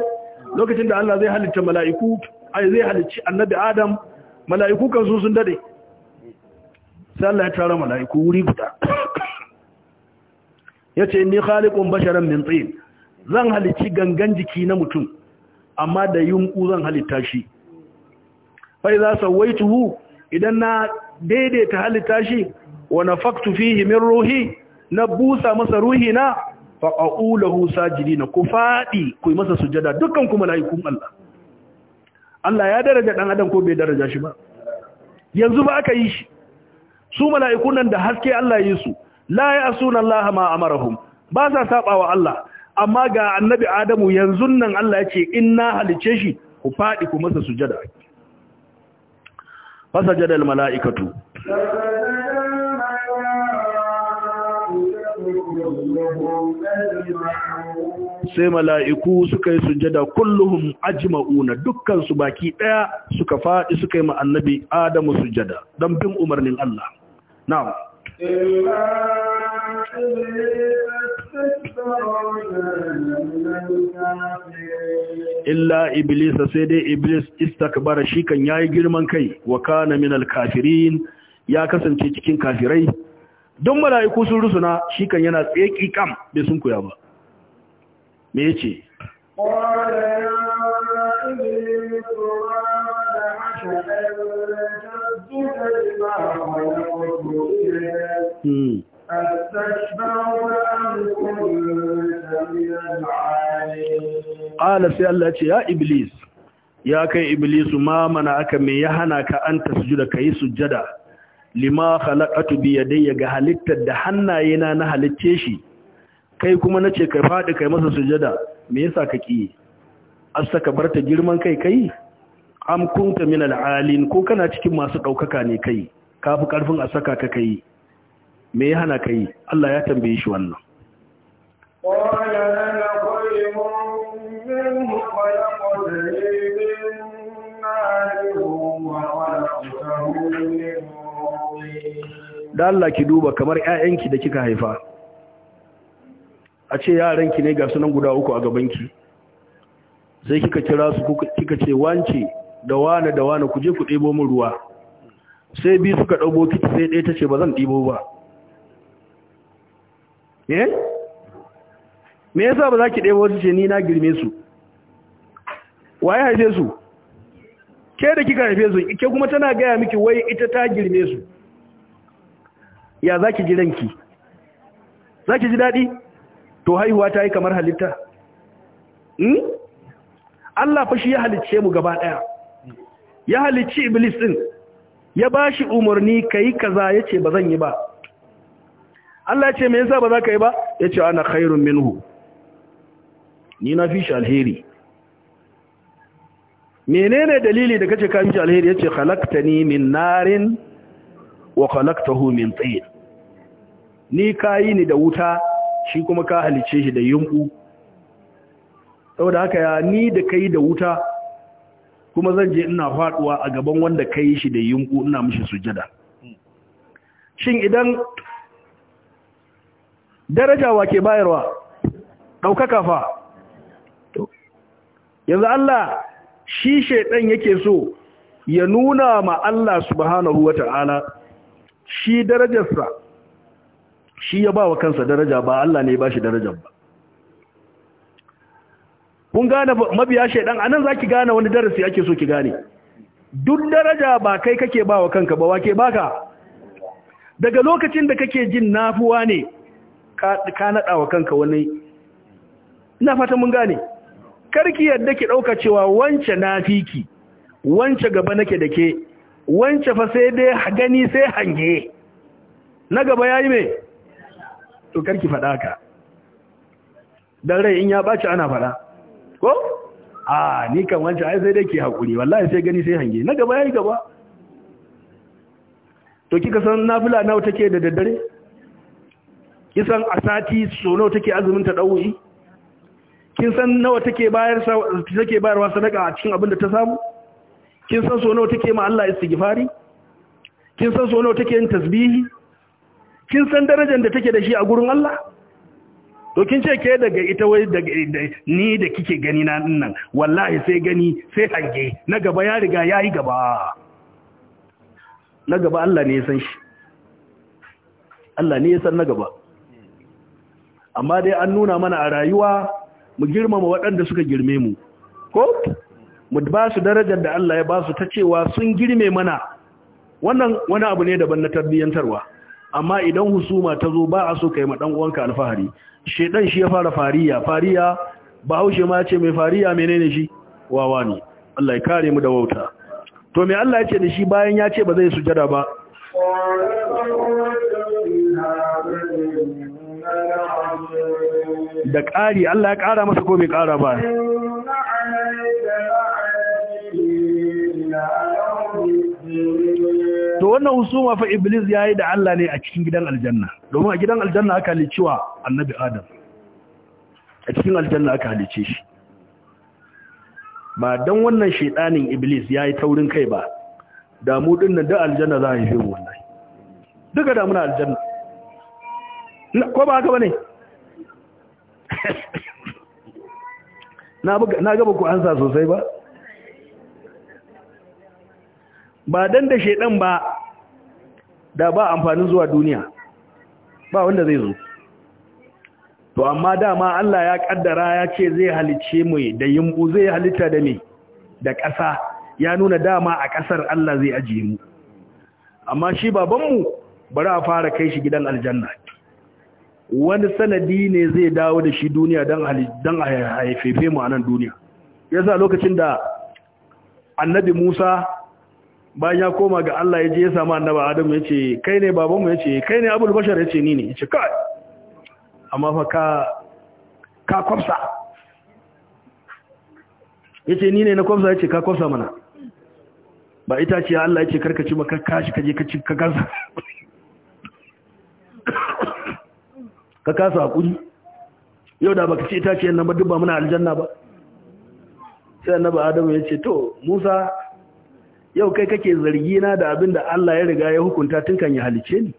Lokacin da Allah zai halitta mala'iku, ai zai halicci annabi Adam, mala'iku kan su sun dade. sallah ya tara mala'iku wuri guda ce ni khaliqun basharan min tin zan halici gangan jiki na mutum amma da yunku zan halitta shi fa idza sawaituhu idan na daidaita halitta shi wa nafaktu fihi min ruhi na busa masa ruhi na fa aqulahu sajidina ku fadi ku masa sujada dukkan ku mala'ikun Allah Allah ya daraja dan adam ko bai daraja shi ba yanzu ba aka yi shi su mala'ikunan nan da haske Allah yi su la ya asuna Allah ma amarahum ba sa wa Allah amma ga annabi Adamu yanzu nan Allah ya ce in na halice shi ku fadi ku masa sujada Fasa al mala'ikatu Thank you. sai mala'iku suka yi sujada kullum ajima'una dukkan su baki ɗaya suka faɗi suka yi ma’annabi annabi Adamu sujada don bin umarnin Allah na'am illa iblis sai dai iblis istakbara shi kan ya yi girman kai wa kana minal kafirin ya kasance cikin kafirai don mala'iku sun rusuna shi kan yana tsaye ƙiƙam bai sun kuya ba me yace Ƙala hmm. sai Allah ce, Ya Iblis, ya kai Iblisu ma mana aka mai ya hana ka an ta sujuda ka yi sujada, lima halakatu biya dai ga halittar da hannayena na halicce shi, kai kuma na ce ka faɗi kai masa sujada me yasa ka ki asa ka barta girman kai kai am kunta min al'alin ko kana cikin masu ɗaukaka ne kai kafi karfin a saka ka kai me ya hana kai Allah ya tambaye shi wannan da Allah ki duba kamar ‘ya'yanki da kika haifa, a ce yaranki ne ga sunan guda uku a gabanki sai kika kira su kika ce wance da wane da wane ku je ku ɗebo min ruwa sai bi suka ɗabo kiki sai ɗaya ta ce ba zan ɗebo ba eh me yasa ba za ki ɗebo su ce ni na girme su waye haife su ke da kika haife su ke kuma tana gaya miki wai ita ta girme su ya za ki ji ranki za ki ji daɗi to haihuwa ta yi kamar halitta hmm? Allah fa shi ya halicce mu gaba ɗaya ya halicci iblis ɗin ya ba shi umarni ka yi kaza ya ce ba zan yi ba Allah ce me yasa ba za ka yi ba ya ce ana khairun minhu ni na fi shi alheri menene dalili da kace ka fi shi alheri khalakta ni min narin wa hu min tsayin, ni kayi ni da wuta shi kuma ka halice shi da yunku saboda haka ya ni da kai da wuta kuma zan je ina faduwa a gaban wanda kai shi da yunku ina mishi sujada shin idan daraja wa ke bayarwa ɗaukaka fa yanzu Allah shi shedan yake so ya nuna ma Allah subhanahu wata'ala shi darajarsa shi ya ba wa kansa daraja ba Allah ne ba shi darajar ba kun gane mabiya shaidan anan ki gane wani darasi ake so ki gane duk daraja ba kai kake ba wa kanka ba wake baka daga lokacin da kake jin nafuwa ne ka naɗa wa kanka wani na fata mun gane karki yadda ki ɗauka cewa wance na nafiki wance gaba nake da ke wance fa sai dai gani sai hange na gaba ya yi mai. to karki faɗa ka dan rai in ya baci ana faɗa ko ah ni kan wancan ai sai dai ke hakuri wallahi sai gani sai hange na gaba yayi gaba to kika san nafila nawa take da daddare san asati sono take azumin ta dawoyi kin san nawa take bayar take bayarwa sadaka a cikin abin da ta samu kin san so nawa take ma Allah istighfari kin san so nawa take yin tasbihi kin san darajar da take da shi a gurin Allah to kin ce ke daga ita wai daga ni da kike gani na nan wallahi sai gani sai hange na gaba ya riga yayi gaba na gaba Allah ne ya san shi Allah ne ya san na gaba amma dai an nuna mana a rayuwa mu girmama waɗanda suka girme mu ko mu ba su darajar da Allah ya ba su ta cewa sun girme mana wannan wani abu ne daban na tarbiyyantarwa amma idan husuma ta zo ba a so kai ma dan uwanka alfahari shedan shi ya fara fariya fariya bahaushe ma ce mai fariya menene shi wawa ne Allah ya kare mu da wauta to me Allah ya ce da shi bayan ya ce ba zai sujada ba da ƙari Allah ya ƙara masa ko bai ƙara ba to wannan husuma fa iblis yayi da Allah ne a cikin gidan aljanna domin a gidan aljanna aka wa annabi adam a cikin aljanna aka halice shi ba dan wannan shedanin iblis yayi taurin kai ba da mu nan da aljanna za a yi wallahi duka da muna aljanna ko ba haka bane *laughs* na ga ba ku ansa sosai ba ba dan da shedan ba da ba amfani zuwa duniya ba wanda zai zo to amma dama Allah ya kaddara ya ce zai halice mu da yimbu zai halitta da me da ƙasa ya nuna dama a ƙasar Allah zai ajiye mu amma shi babanmu bari a fara kai shi gidan aljanna wani sanadi ne zai dawo da shi duniya don haifefe mu a nan duniya Yasa lokacin da annabi musa bayan ya koma ga Allah ya je ya samu annaba Adam ya ce kai ne babanmu ya ce kai ne abul bashar ya ce ni ne ya ce kai amma fa ka ka kwamsa ya ce ni ne na kwamsa ya ce ka kwamsa mana ba ita ce Allah ya ce karkaci ba ka kashi kaje ka ci ka kasa ka kasa hakuri yau da baka ci ita ce nan ba duk ba muna aljanna ba sai annaba Adam ya ce to Musa yau kai kake zargi na da abin da Allah ya riga ya hukunta tun kan ya halice ni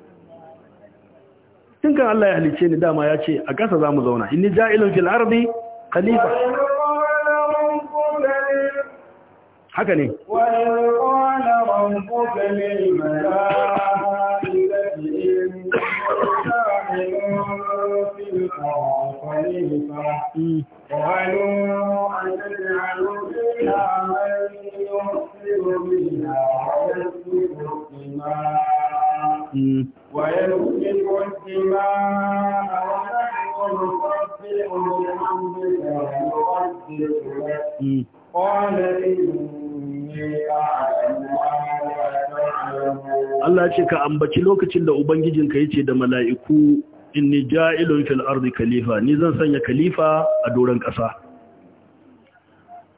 tun kan Allah ya halice ni dama ya ce a ƙasa za mu zauna inni ja'ilun fil ardi khalifa haka ne قالوا أنجعل فيها من Allah ce ka ambaci lokacin da ka yace da mala’iku inni ja’ilun fil’ar da kalifa, ni zan sanya kalifa a doron ƙasa.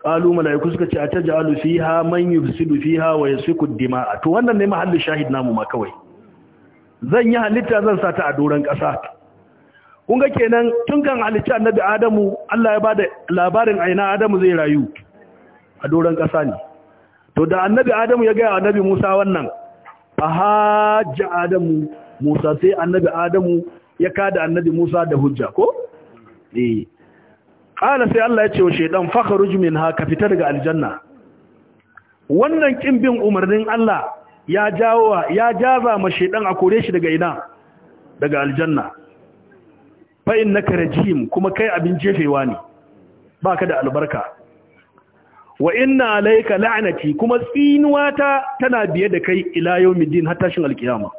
qalu malaiku suka ce a atajalu fiha man yufsidu fiha wa yasfiku dima'a to wannan ne mahalli shahid namu ma kawai zan yi halitta zan sa ta a doran kasa kun ga kenan tun kan halitta annabi adamu Allah ya bada labarin aina adamu zai rayu a doran kasa ne to da annabi adamu ya ga annabi Musa wannan a ahajja adamu Musa sai annabi adamu ya kada annabi Musa da hujja ko eh ƙala sai Allah ya ce wa shaidan fakharuj minha ka fita daga aljanna wannan ƙin bin umarnin Allah ya jawo ya jaza ma shaidan a kore shi daga ina daga aljanna fa innaka jihim kuma kai abin jefewa ne ba ka da albarka wa inna laika la'anati kuma tsinuwa ta tana biye da kai ila midin har alkiyama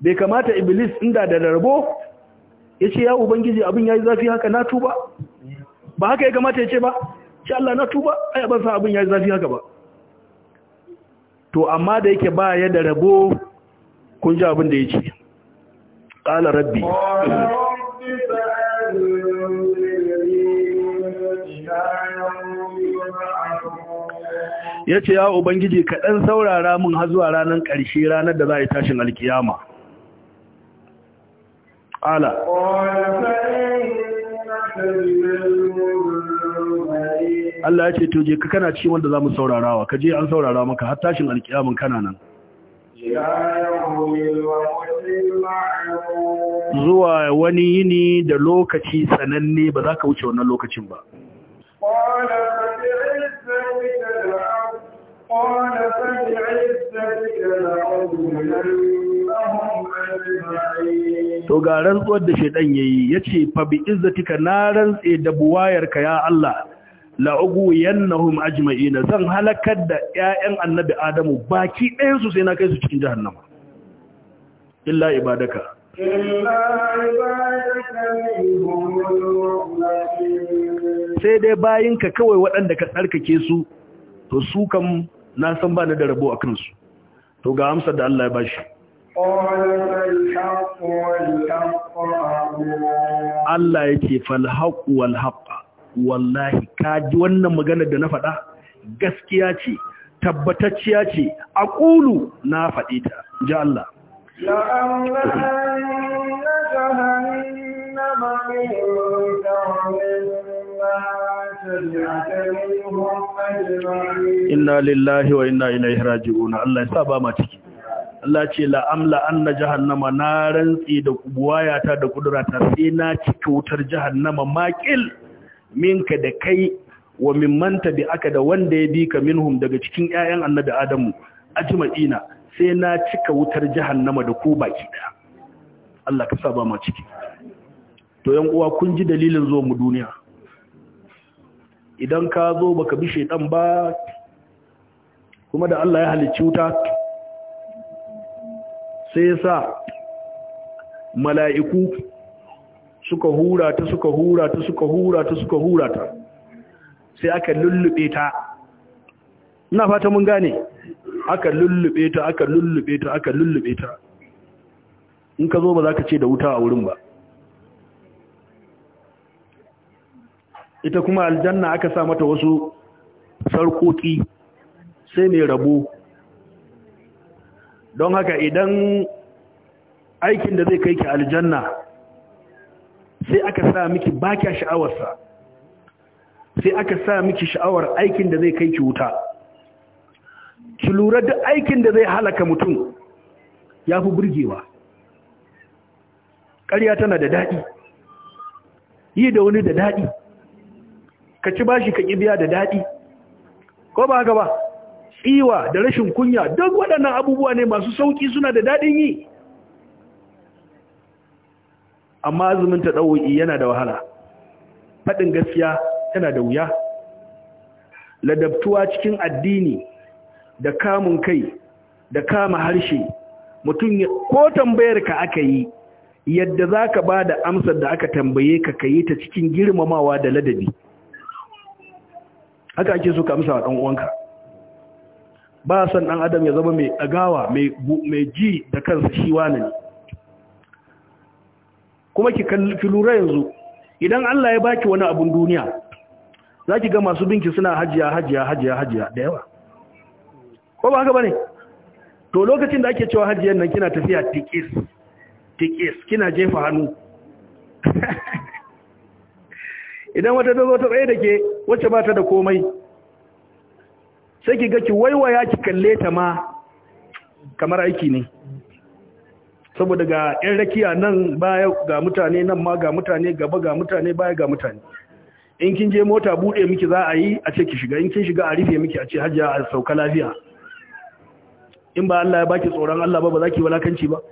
bai kamata iblis inda da rabo ya ce ya ubangiji abin ya yi zafi haka na tuba ba haka ya kamata ya ce ba ce Allah na tuba a ban sa abin ya yi zafi haka ba to amma da yake ba ya da rabo kun ji abin da ya ce ƙala rabbi ya ce ya ubangiji kaɗan saurara mun hazuwa ranar ƙarshe ranar da za a yi tashin alkiyama قال Allah ya ce to je ka kana ci wanda za zamu saurarawa ka je an saurara maka har tashin alkiyamin kana nan zuwa wani yini da lokaci sananne ba za ka wuce wannan lokacin ba قال to ga rantsuwar da shaidan yayi yace fa bi izzatika na rantse da buwayarka ya Allah la yannahum ajma'ina zan halakar da 'ya'yan annabi Adamu baki ɗayan su sai na kai su cikin jahannama illa ibadaka sai dai ka kawai waɗanda ka tsarkake su to su kam na san ba da rabo a kansu to ga amsar da Allah ya bashi Allah ya yake falhaƙu walhaƙa, wallahi, ka ji wannan maganar da na faɗa gaskiya ce, tabbatacciya ce, a ƙulu na faɗi ta, ji Allah. Inna lillahi wa inna ilaihi raji'una Allah ya sa ba ma ciki. Allah ce la'amla anna jahannama na rantsi da buwayata da kudurata sai na cika wutar jahannama makil minka da kai wa manta bi aka da wanda ya bi ka minhum daga cikin ƴaƴan annabi Adamu ajma'ina sai na cika wutar jahannama da ku baki da Allah ka saba ma ciki to yan uwa kun ji dalilin zo mu duniya idan ka zo baka bi shaitan ba kuma da Allah ya halicci wuta sai sa mala'iku suka hura ta suka hura ta suka hura ta suka hura ta sai aka lullube ta ina fata mun gane aka lullube ta aka lullube ta aka lullube ta in ka zo ba za ka ce da wuta a wurin ba ita kuma aljanna aka sa mata wasu sarkoki sai mai rabo don haka idan aikin da zai kai ki aljanna sai aka sa miki bakya sha'awarsa sai aka sa miki sha'awar aikin da zai kai ki wuta ki lura da aikin da zai halaka mutum ya fi burgewa ƙarya tana da daɗi yi da wani da daɗi ka ci bashi ka biya da daɗi ko ba haka ba tsiwa da rashin kunya duk waɗannan abubuwa ne masu sauƙi suna da daɗin yi amma azumin ta yana da wahala faɗin gaskiya yana da wuya ladabtuwa cikin addini da kamun kai da kama harshe mutum ko tambayar ka aka yi yadda za ka ba da amsar da aka tambaye ka ka yi ta cikin girmamawa da ladabi haka ake so ka amsa wa ɗan'uwanka ba san ɗan adam ya zama mai agawa mai ji da kansa shi wani ne kuma ki lura yanzu idan Allah ya baki wani abun duniya za ki ga masu binki suna hajiya hajiya hajiya hajiya da yawa ko ba haka ba ne to lokacin da ake cewa hajiyar nan kina tafiya tikis tikis kina jefa hannu *laughs* idan wata dogo ta tsaye da ke wacce ba ta da komai sai ki ga ki waiwaya ki kalle ta ma kamar aiki ne saboda ga ɗan rakiya nan baya ga mutane nan ma ga mutane gaba ga mutane baya ga mutane in kin je mota bude miki za a yi a ce ki shiga in kin shiga a rufe miki a ce hajiya a sauka lafiya in ba Allah ya baki tsoron Allah ba ba za ki walakanci ba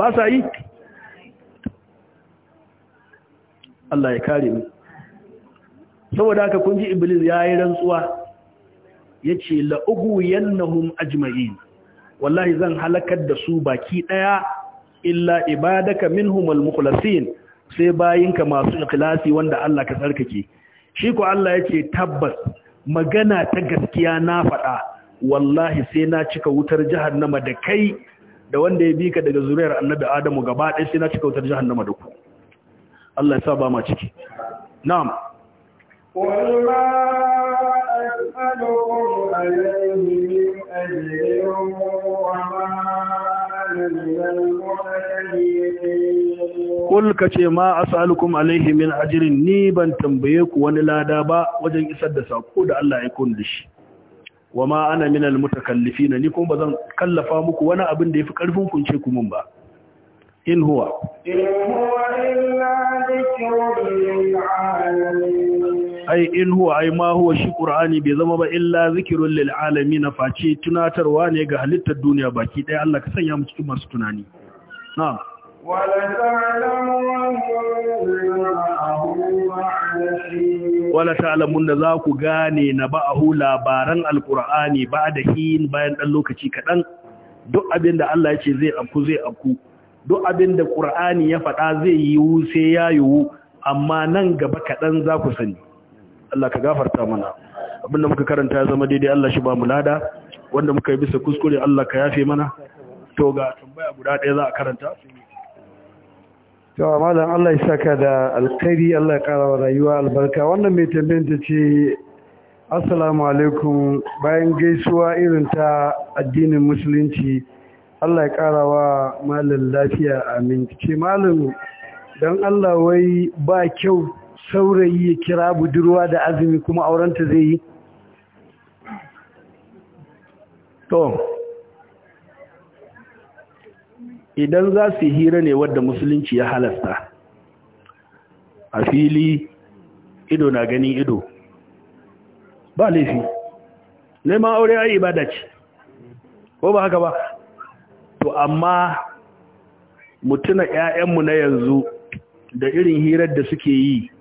ba sa yi Allah ya kare mu saboda haka kun ji iblis ya yi rantsuwa ya ce la'ugu yannahum ajma'in wallahi zan halakar da su baki ɗaya illa ibadaka minhumul mukhlasin sai bayinka masu ikhlasi wanda Allah ka tsarkake shi ko Allah yace tabbas magana ta gaskiya na faɗa wallahi sai na cika wutar jahannama da kai da wanda ya ka daga zuriyar annabi Adamu gaba ɗaya sai na cika wutar jahannama da ku Allah ya sa ba ma ciki na'am Kulka ce ma a sa’alukum alaihimin ajirin ni ban tambaye ku wani lada ba wajen isar da sako da Allah ya kun da shi. Wa ma ana min na ni kuma zan kallafa muku wani abin da ya karfin kun ce ku mun ba. In huwa. In huwa illa dhikrun lil alamin. ai in huwa ai ma huwa shi qur'ani bai zama ba illa zikrul lil alamin face tunatarwa ne ga halittar duniya baki ɗaya Allah ka sanya mu cikin masu tunani na'am wala ta'lamun da za ku gane na ba'ahu labaran alqur'ani ba da hin bayan dan lokaci kadan duk abin da Allah yake zai afku zai afku duk abin da qur'ani ya faɗa zai yiwu sai ya yiwu amma nan gaba kadan za ku sani Allah ka gafarta mana abinda muka karanta ya zama daidai Allah shi ba mu lada wanda muka yi bisa kuskure Allah ka yafe mana to ga tambaya guda ɗaya za a karanta to malam Allah ya saka da alkhairi Allah ya kara wa rayuwa albarka wannan mai tambayar ta ce assalamu alaikum bayan gaisuwa irin ta addinin musulunci Allah ya kara wa malam lafiya amin ce malam dan Allah wai ba kyau saurayi ya kira budurwa da azumi kuma aurenta zai yi to idan za su hira ne wadda musulunci ya halasta a fili ido na ganin ido ba laifi neman aure ai ibada ce ko ba haka ba to amma mutuna 'ya'yanmu na yanzu da irin hirar da suke yi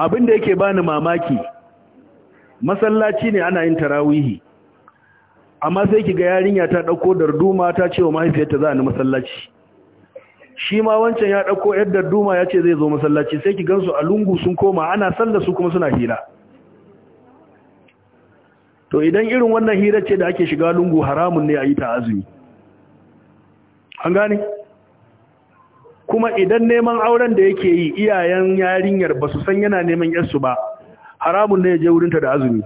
abin da yake bani mamaki masallaci ne ana yin tarawihi amma sai ki ga yarinya ta dauko darduma ta ce wa mahaifiyarta za ni masallaci shi ma wancan ya dauko yar darduma ya ce zai zo masallaci sai ki gansu a lungu sun koma ana sallar su kuma suna hira to idan irin wannan hira ce da ake shiga lungu haramun ne a yi ta azumi an gane kuma idan neman auren da yake yi iyayen yarinyar ba su san yana neman yarsu ba haramun ne ya je wurinta da azumi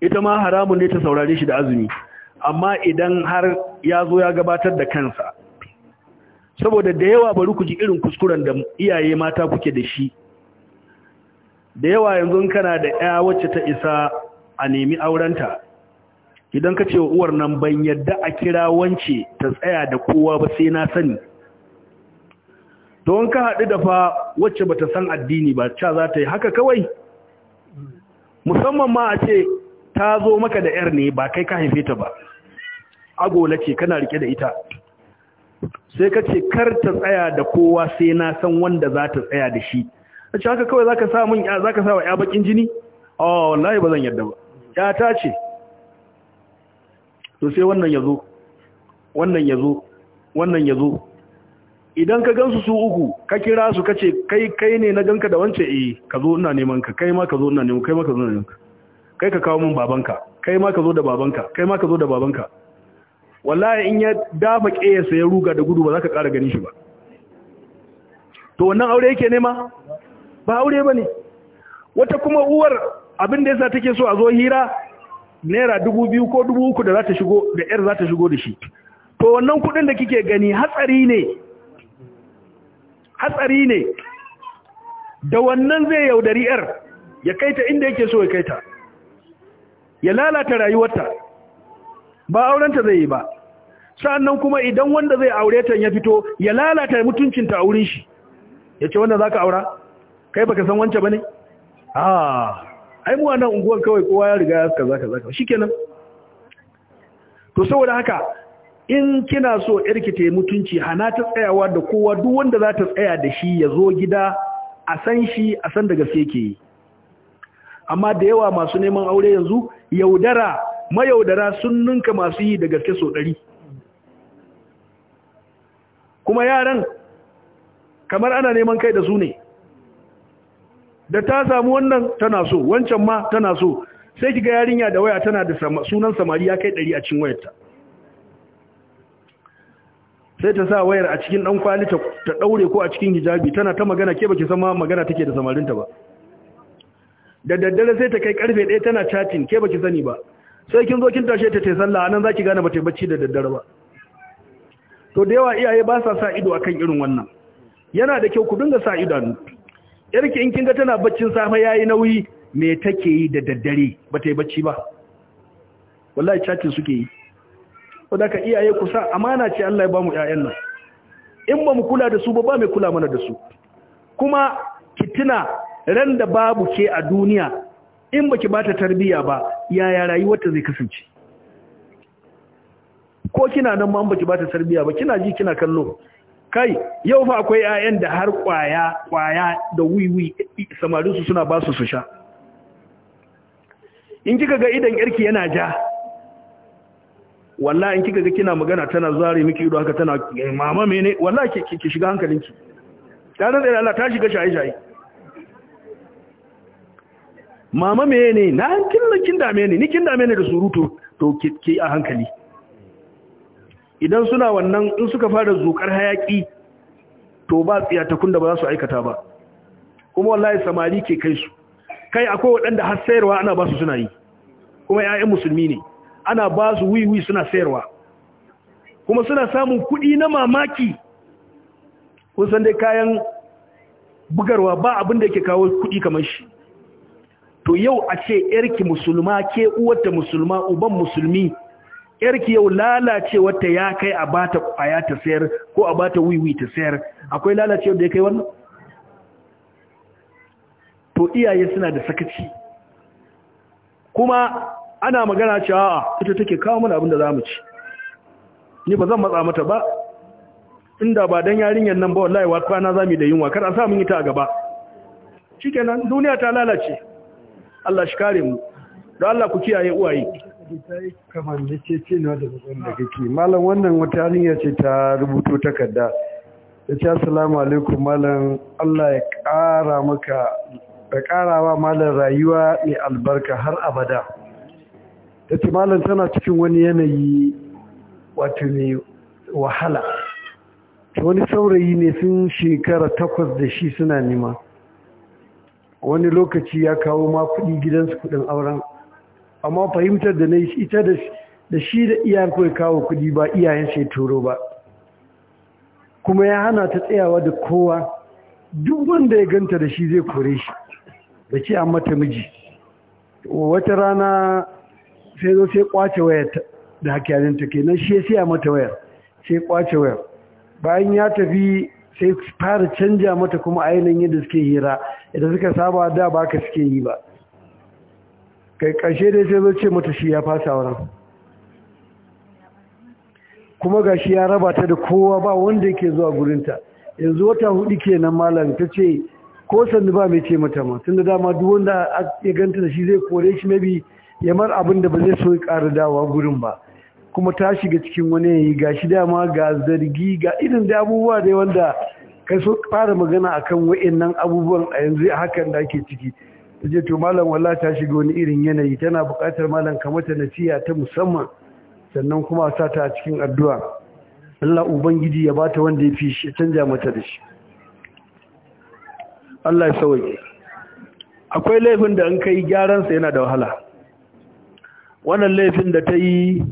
ita ma haramun ne ta saurare shi da azumi amma idan har ya zo ya gabatar da kansa saboda da yawa bari ku ji irin kuskuren da iyaye mata kuke da shi da yawa yanzu kana da ya wacce ta isa a nemi aurenta idan ka ce wa uwar nan ban yadda a kira wance ta tsaya da kowa ba sai na sani don ka haɗu da fa wacce ba ta san addini ba ca za ta yi haka kawai musamman ma a ce ta zo maka da yar ne ba kai ka haife ta ba agola ce kana rike da ita sai ka ce kar ta tsaya da kowa sai na san wanda za ta tsaya da shi a ce haka kawai za ka sa wa ya bakin jini? oh wallahi ba zan yadda ba ya ta ce to sai wannan ya zo wannan ya zo wannan ya zo idan ka gansu su uku ka kira su kace kai kai ne na ganka da wance eh ka zo ina neman ka kai ma ka zo ina neman kai ma ka zo ina neman ka kai ka kawo min babanka kai ma ka zo da babanka kai ma ka zo da babanka wallahi in ya dafa kiyarsa ya ruga da gudu ba za ka ƙara ganin shi ba to wannan aure yake nema ba aure ba ne wata kuma uwar abin da yasa take so a zo hira naira dubu biyu ko dubu uku da za ta shigo da yar za ta shigo da shi to wannan kudin da kike gani hatsari ne hatsari ne da wannan zai yaudari yar ya kai inda yake so ya kai ta ya lalata rayuwarta ba aurenta zai yi ba sa'annan kuma idan wanda zai aure ta ya fito ya lalata mutuncinta a wurin shi ya ce wanda za ka aura kai baka san wance ba ne? ah ai mu wannan unguwar kawai kowa ya riga ya kaza kaza kaza shikenan to saboda haka in kina so irki ta mutunci hana ta tsayawa da kowa duk wanda za ta tsaya da shi ya zo gida a san shi a san da sai ke yi amma da yawa masu neman aure yanzu yaudara mayaudara sun ninka masu yi da gaske so ɗari kuma yaran kamar ana neman kai da su ne da ta samu wannan tana so wancan ma tana so sai ga yarinya da waya tana da sunan samari ya kai ɗari a cikin wayarta sai ta sa wayar a cikin ɗan kwali ta ɗaure ko a cikin hijabi tana ta magana ke baki sama magana take da samarinta ba da daddare sai ta kai karfe ɗaya tana chatin ke baki sani ba sai kin zo kin tashe ta tai sallah anan zaki gane bata bacci da daddare ba to da yawa iyaye ba sa sa ido akan irin wannan yana da kyau ku dinga sa ido yarki in kin ga tana baccin safe yayi nauyi me take yi da daddare ba ta yi bacci ba wallahi chatin suke yi wanda ka iyaye kusa amana ce Allah ya ba mu ƴaƴan nan in ba mu kula da su ba ba mai kula mana da su kuma kitina ran da babu ke a duniya in baki bata tarbiya ba yaya rayuwarta zai kasance ko kina nan ma an baki bata tarbiya ba kina ji kina kallo kai yau fa akwai 'ya'yan da har kwaya kwaya da wiwi samarinsu suna ba su su sha in kika ga idan yarki yana ja wallahi in kika ga kina magana tana zare miki ido haka tana eh, mama mene wallahi ki ki shiga hankalinki ta nan da Allah ta shiga shaye-shaye. mama mene na kin kin dame ni ni kin dame ni da surutu to ki a hankali idan suna wannan in suka fara zukar hayaki to ba ta da ba za su aikata ba kuma wallahi samari ke kai su kai akwai waɗanda har sayarwa ana ba su suna yi kuma 'ya'yan musulmi ne ana ba su wiwi suna sayarwa kuma suna samun kuɗi na mamaki kun san dai kayan bugarwa ba abin da yake kawo kuɗi kamar shi to yau a ce yarki musulma ke uwarta musulma uban musulmi yarki yau lalacewa ta ya kai a bata kwaya ta sayar ko a bata wiwi ta sayar akwai lalacewa da ya kai wannan to iyaye suna da sakaci kuma ana magana cewa ita take kawo mana abin da mu ci ni ba zan matsa mata ba inda ba dan yarinyar nan ba wallahi wa kwana zamu da yunwa kar a sa mun yi ta a gaba shikenan duniya ta lalace Allah shi kare mu don Allah ku kiyaye uwaye ta yi kamar da ce ce da mutum da kake malam wannan wata hanya ce ta rubuto takarda ya ce assalamu alaikum malam Allah ya ƙara maka malam rayuwa mai albarka har abada ta ce malam tana cikin wani yanayi wato mai wahala wani saurayi ne sun shekara takwas da shi suna nema wani lokaci ya kawo ma kuɗi gidansu kuɗin auren amma fahimtar da na yi ita da shi da iyayen kawai kawo kudi ba iyayen sai turo ba kuma ya hana ta tsayawa da kowa duk wanda ya ganta da shi zai kore shi da ce an mata miji wata rana sai zo sai kwace wayar da hakiyarinta kenan shi sai a mata wayar sai kwace wayar bayan ya tafi sai fara canja mata kuma ainihin yadda suke hira idan suka saba da ba ka suke yi ba kai ƙarshe dai sai zai ce mata shi ya fasa wurin kuma ga shi ya raba ta da kowa ba wanda yake zuwa gurinta yanzu wata hudu kenan malam ta ce ko sannu ba mai ce mata ma tun da dama duk wanda ya ganta da shi zai kore shi mabi ya mar abin da ba zai so ya ƙara dawa gurin ba kuma ta shiga cikin wani yayi ga shi dama ga zargi ga irin da abubuwa dai wanda kai so fara magana akan nan abubuwan a yanzu hakan da ake ciki ta je to malam walla ta shiga wani irin yanayi tana buƙatar malam kamata na ciya ta musamman sannan kuma sa ta a cikin addu'a Allah ubangiji ya bata wanda ya fi shi canja mata da shi Allah ya sauke akwai laifin da an kai gyaran sa yana da wahala wannan laifin da ta yi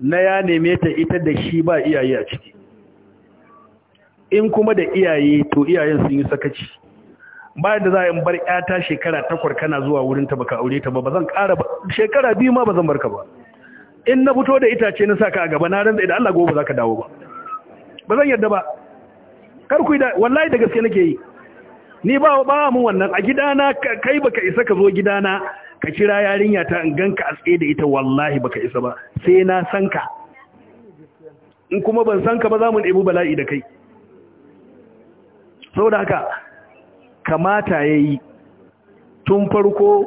na ya neme ta ita da shi ba iyaye a ciki in kuma da iyaye to iyayen sun yi sakaci ba da za a yi bar ƴata shekara takwar kana zuwa wurin ta baka aure ta ba ba zan ƙara ba shekara biyu ma ba zan barka ba in na fito da itace na saka a gaba na da idan Allah gobe za ka dawo ba ba zan yarda ba kar ku da wallahi da gaske nake yi ni ba ba mu wannan a gidana kai baka isa ka zo gidana ka kira yarinya ta in ganka a tsaye da ita wallahi baka isa ba sai na san ka in kuma ban san ka ba za mu ɗebi bala'i da kai saboda haka kamata ya yi tun farko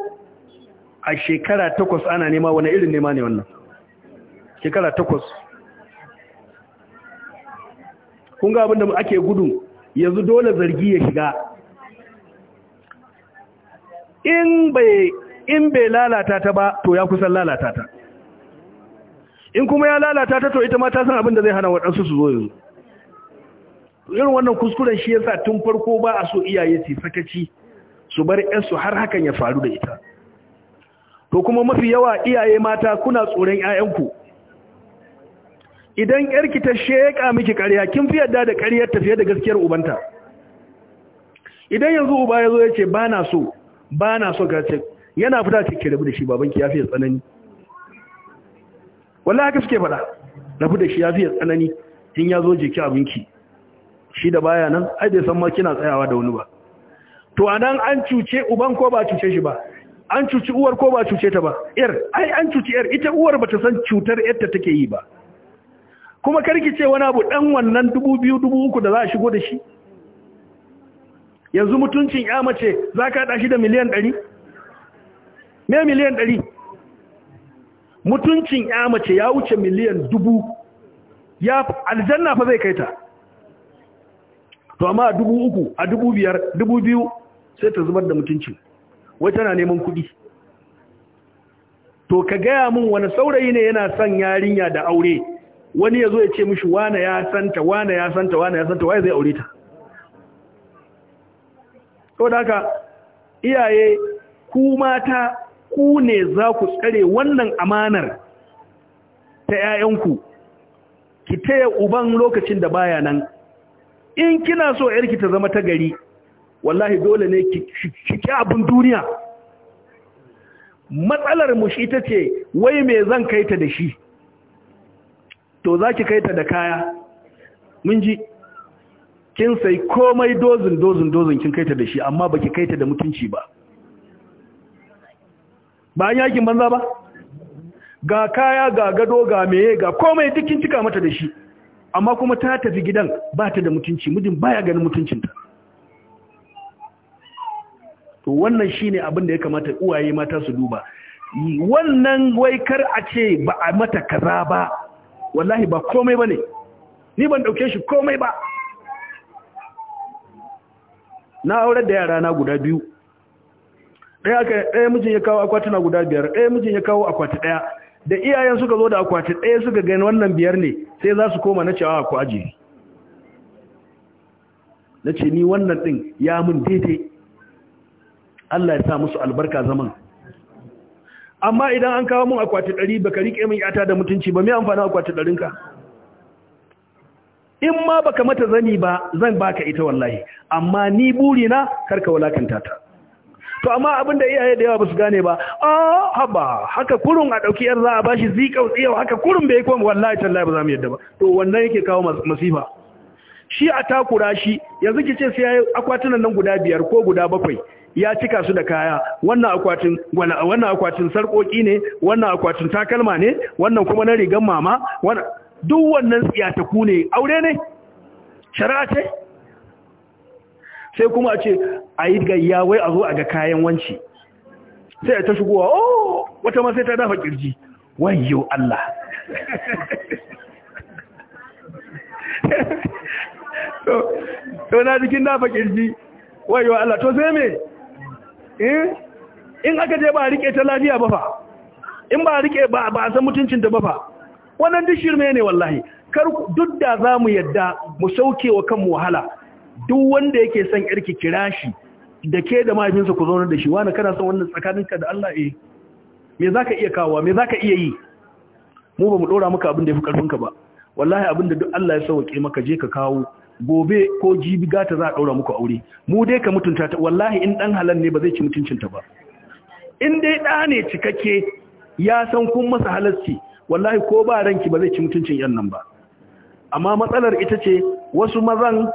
a shekara takwas ana nema wani irin nema ne wannan shekara takwas kun ga abinda ake gudun yanzu dole zargi ya shiga in bai in bai lalata ta ba to ya kusan lalata ta in kuma ya lalata ta to ita ma ta san abin da zai hana waɗansu su zo yanzu irin wannan kuskuren shi yasa tun farko ba a so iyaye su sakaci su bar su har hakan ya faru da ita to kuma mafi yawa iyaye mata kuna tsoron ƴaƴanku idan ƴarki ta sheƙa miki ƙarya kin fi yadda da ƙaryar ta fiye da gaskiyar ubanta idan yanzu uba ya zo ya ce ba na so ba na so ka ce yana fita ce ki rabu da shi babanki ya fiye tsanani wallahi haka suke faɗa rabu da shi ya fiye tsanani in ya zo jiki abinki shi da baya nan ai bai san ma kina tsayawa da wani ba to anan an cuce uban ko ba cuce shi ba an cuci uwar ko ba cuce ta ba yar ai an cuci yar ita uwar bata san cutar yadda take yi ba kuma karki ce wani abu dan wannan 2000 da za a shigo da shi yanzu mutuncin ya mace za ka haɗa shi da miliyan ɗari? me miliyan ɗari? mutuncin ya mace ya wuce miliyan dubu ya aljanna fa zai kai ta to amma a dubu uku a dubu biyar dubu biyu sai ta zubar da mutunci wai tana neman kuɗi to ka gaya mun wani saurayi ne yana son yarinya da aure wani ya zo ya ce mishi wane ya santa wane ya santa wane ya santa wane zai aure ta to da haka iyaye ku mata ku ne za ku tsare wannan amanar ta 'ya'yanku ki taya uban lokacin da baya nan in kina so yarki ta zama ta gari wallahi dole ne ki ki abin duniya matsalar mu shi tace wai me zan kaita da shi to zaki kaita da kaya mun ji kin sai komai dozin dozin dozin kin kaita da shi amma baki ta da mutunci ba ba an yakin banza ba ga kaya ga gado ga meye ga komai duk cika mata da shi amma kuma ta tafi gidan ba ta da mutunci mijin baya ganin mutuncinta to wannan shine abin da ya kamata uwaye mata su duba wannan wai kar a ce ba a mata kaza ba wallahi ba komai bane ni ban dauke shi komai ba na aure da yara na guda biyu ɗaya mijin ya kawo akwatuna guda biyar ɗaya mijin ya kawo akwati ɗaya da iyayen suka zo da akwati ɗaya suka gani wannan biyar ne sai za su koma na cewa ah, ku aje. na ce ni wannan ɗin ya mun daidai Allah ya sa musu albarka zaman amma idan an kawo mun akwati ɗari baka riƙe min yata da mutunci ba mai amfani akwati ɗarinka in ma baka mata zani ba zan baka ita wallahi amma ni burina karka walakanta ta to amma abin da iyaye da yawa ba su gane ba a ah, haba haka kurun a ɗauki yar za a bashi zikau tsiyau haka kurun bai kuma wallahi tallahi ba za mu yadda ba to wannan yake kawo masifa shi a takura shi yanzu ki ce sai yayi akwatunan nan guda biyar ko guda bakwai ya cika su da kaya wannan akwatin wannan akwatin sarkoki ne wannan akwatin takalma ne wannan kuma na rigan mama wannan duk wannan tsiyataku ne aure ne shari'a ce sai kuma a ce a yi gayya wai a zo a ga kayan wanci sai a ta shigowa oh wata ma sai ta dafa kirji wayyo Allah *laughs* to na jikin dafa kirji wayyo Allah to sai me eh? in aka je ba a rike ta lafiya ba fa in ba a rike ba a san mutuncin ta ba fa wannan duk shirme ne wallahi kar duk da zamu yadda mu sauke wa kanmu wahala duk wanda yake son yarki kira shi da ke da mahaifinsa ku zauna da shi wani kana son wannan tsakaninka da Allah eh me zaka iya kawo me zaka iya yi mu ba mu dora maka abin da yafi ƙarfinka ba wallahi abin da duk Allah ya sauke maka je ka kawo gobe ko jibi gata za a ɗora muku aure mu dai ka mutunta ta wallahi in dan halal ne ba zai ci mutuncinta ba in dai ɗa ne cikakke ya san kun masa halarci wallahi ko ba ranki ba zai ci mutuncin yan nan ba amma matsalar ita ce wasu mazan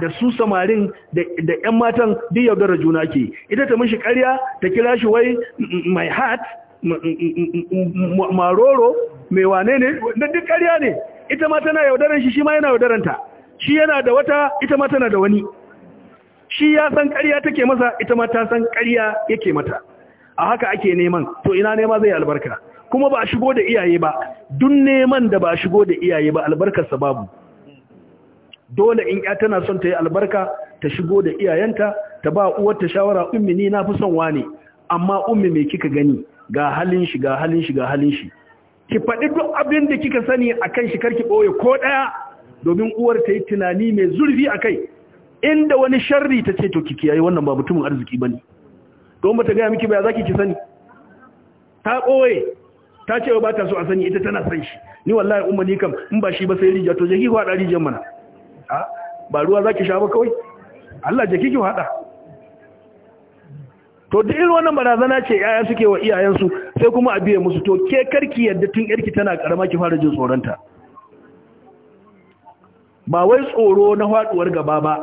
da su samarin da 'yan matan duk yaudara juna ke ita ta mishi karya ta kira shi wai my heart maroro mai wane ne da duk karya ne ita ma tana yaudaran shi shi ma yana ta. shi yana da wata ita ma tana da wani shi ya san karya take masa ita ma ta san karya yake mata a haka ake neman to ina nema zai albarka kuma ba a shigo da iyaye ba dun neman da ba a shigo da iyaye ba albarkarsa babu dole in ya tana son ta yi albarka ta shigo da iyayenta ta ba uwarta shawara ummi ni na fi son wane amma ummi me kika gani ga halin shi ga halin shi ga halin shi ki faɗi duk abin da kika sani akan shi karki boye ko ɗaya domin uwar ta yi tunani mai zurfi a kai. inda wani sharri ta ce to ki kiyaye wannan ba mutumin arziki bane don bata gaya miki ba zaki ki sani ta boye ta ce ba ta so a sani ita tana san shi ni wallahi umma ni kam in ba shi ba sai rija to je ki ɗari rijan mana a ba ruwa za ki sha ba kawai Allah jaki ki haɗa to duk irin wannan barazana ce yaya suke wa iyayensu sai kuma a biye musu to ke karki yadda tun yarki tana karama ki fara jin tsoronta ba wai tsoro na haɗuwar gaba ba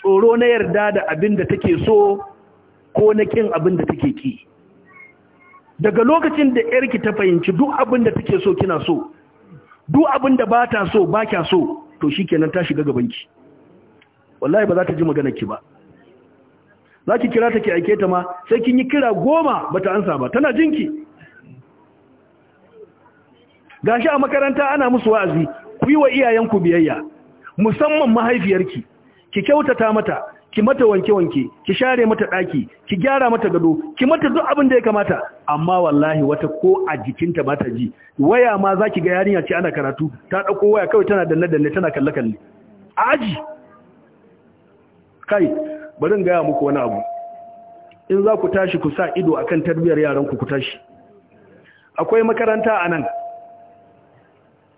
tsoro na yarda da abin da take so ko na kin abin da take ki daga lokacin da yarki ta fahimci duk abin da take so kina so duk abin da ba so ba kya so to shi kenan ta shiga gabanki wallahi ba za ta ji magana ki ba za ki kira ta ki aike ta ma sai kin yi kira goma bata ansa ba tana jinki gashi a makaranta ana musu wa'azi ku yi wa iyayenku biyayya musamman mahaifiyarki ki kyautata mata ki mata wanke-wanke ki share mata ɗaki ki gyara mata gado ki mata duk abin da ya kamata amma wallahi wata ko a jikinta ba ta ji waya ma za ki ga yarinya ce ana karatu ta ɗauko waya kawai tana danne-danne tana kalle-kalle aji kai bari in gaya muku wani abu in za ku tashi ku sa ido akan tarbiyyar yaranku ku tashi akwai makaranta a nan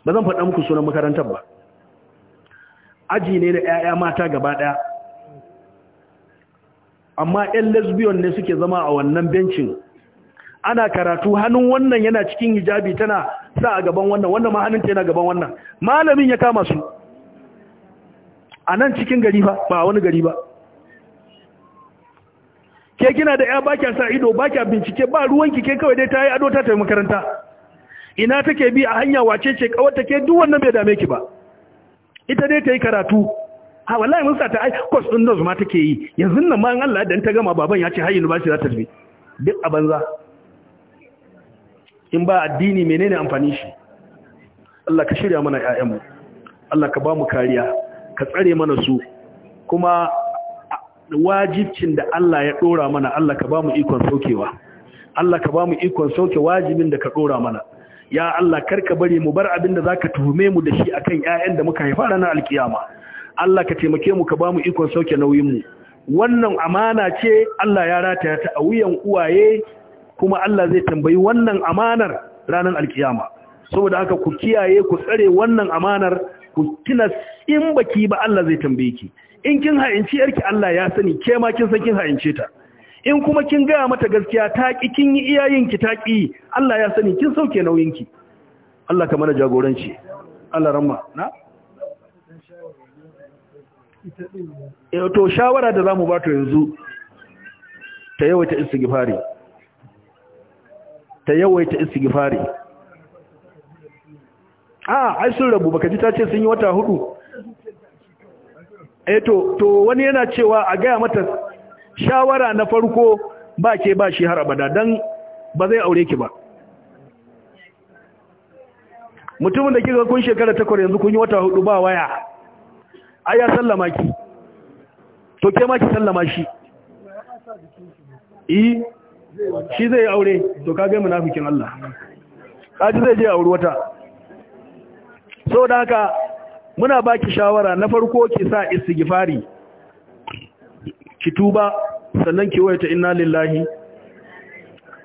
ba zan faɗa muku sunan makarantar ba aji ne da 'ya'ya mata gaba ɗaya amma 'yan lesbiyon ne suke zama a wannan bencin ana karatu hannun wannan yana cikin hijabi tana sa a gaban wannan wannan ma ta yana gaban wannan malamin ya kama su a nan cikin gari ba ba wani gari ba ke kina da ya bakya sa ido bakya bincike ba ruwanki ke kawai dai ta yi ado ta tafi makaranta ina take bi a hanya wace ce kawata take duk wannan bai dame ki ba ita dai ta yi karatu ha wallahi mun sata ai course din nurse ma take yi yanzu nan ma in Allah dan ta gama baban ya ce har university za ta tafi duk a banza in ba addini menene amfani shi Allah ka shirya mana ƴaƴanmu Allah ka ba mu kariya ka tsare mana su kuma wajibcin da Allah ya dora mana Allah ka ba mu ikon saukewa Allah ka ba mu ikon sauke wajibin da ka dora mana ya Allah karka bari mu bar abin da zaka tuhume mu da shi akan ƴaƴan da muka haifa ranar alkiyama Allah ka taimake mu ka ba mu ikon sauke nauyinmu wannan amana ce Allah ya rataya ta a wuyan uwaye kuma Allah zai tambayi wannan amanar ranar alkiyama saboda haka ku kiyaye ku tsare wannan amanar ku kina in baki ba Allah zai tambaye ki in kin ha'inci yarki Allah ya sani ke ma kin san kin ha'ince ta in kuma kin gaya mata gaskiya ta ki kin yi iyayen ki ta ki Allah ya sani kin sauke nauyin Allah ka mana jagoranci Allah rahma na Eh, to shawara da zamu bata yanzu ta yawaita istighfari ta yawaita istighfari a ai sun rabu baka ji ta ce sun yi wata hudu eh to to wani yana cewa a gaya mata shawara na farko ba ke ba shi har abada dan ba zai aure ki ba mutumin da kika kun shekara takwas yanzu kun yi wata hudu ba waya ai ya sallama ki to ke ma ki sallama shi eh shi zai aure to ka ga munafikin Allah kaji zai je aure wata da haka muna baki shawara na farko ki sa istighfari ki tuba sannan ki wayata inna lillahi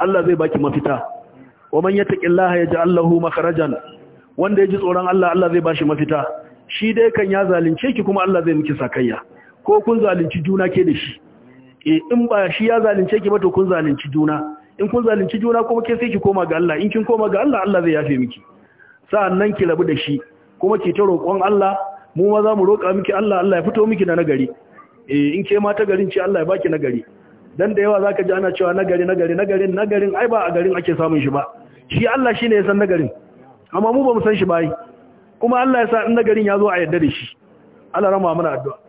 Allah zai baki mafita wa man yattaqillaha yaj'al lahu makhrajan wanda yaji tsoron Allah Allah zai bashi mafita shi dai kan ya zalunce ki kuma Allah zai miki sakayya ko kun zalunci juna ke da shi eh, in ba shi ya zalunce ki ba to kun zalunci juna in kun zalunci juna kuma ke sai ki koma ga Allah in kin koma ga Allah Allah zai yafe miki sa'annan ki rabu da shi kuma ki ta roƙon Allah mu ma za mu roƙa miki Allah Allah ya fito miki na nagari eh, in ke ma ta garin ci Allah ya baki nagari dan da yawa zaka ji ana cewa nagari nagari nagarin nagarin ai ba a garin ake samun shi ba shi Allah shine ya san nagarin amma mu ba mu san shi ba kuma Allah ya sa in nagarin ya zo a yadda da shi Allah rama mana addu'a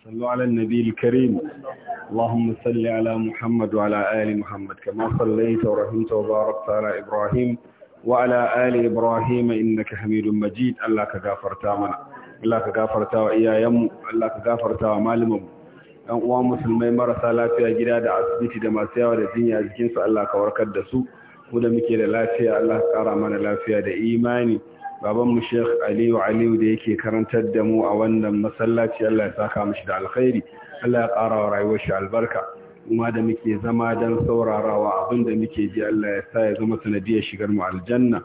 sallu ala nabiyil karim اللهم صل على محمد وعلى آل محمد كما صليت ورحمت وباركت على إبراهيم وعلى آل إبراهيم إنك حميد مجيد الله كغفرتا منا الله كغفرتا وإيايم الله كغفرتا ومالمم ɗan uwa musulmai marasa lafiya gida da asibiti da masu yawa da jinya jikinsu Allah ka warkar da su mu da muke da lafiya Allah ka ƙara mana lafiya da imani babanmu Sheikh Aliyu Aliyu da yake karantar da mu a wannan masallaci Allah ya saka mishi da alkhairi Allah ya ƙara wa rayuwar shi albarka kuma da muke zama don saurarawa abin da muke ji Allah ya sa ya zama sanadiyar shigar mu aljanna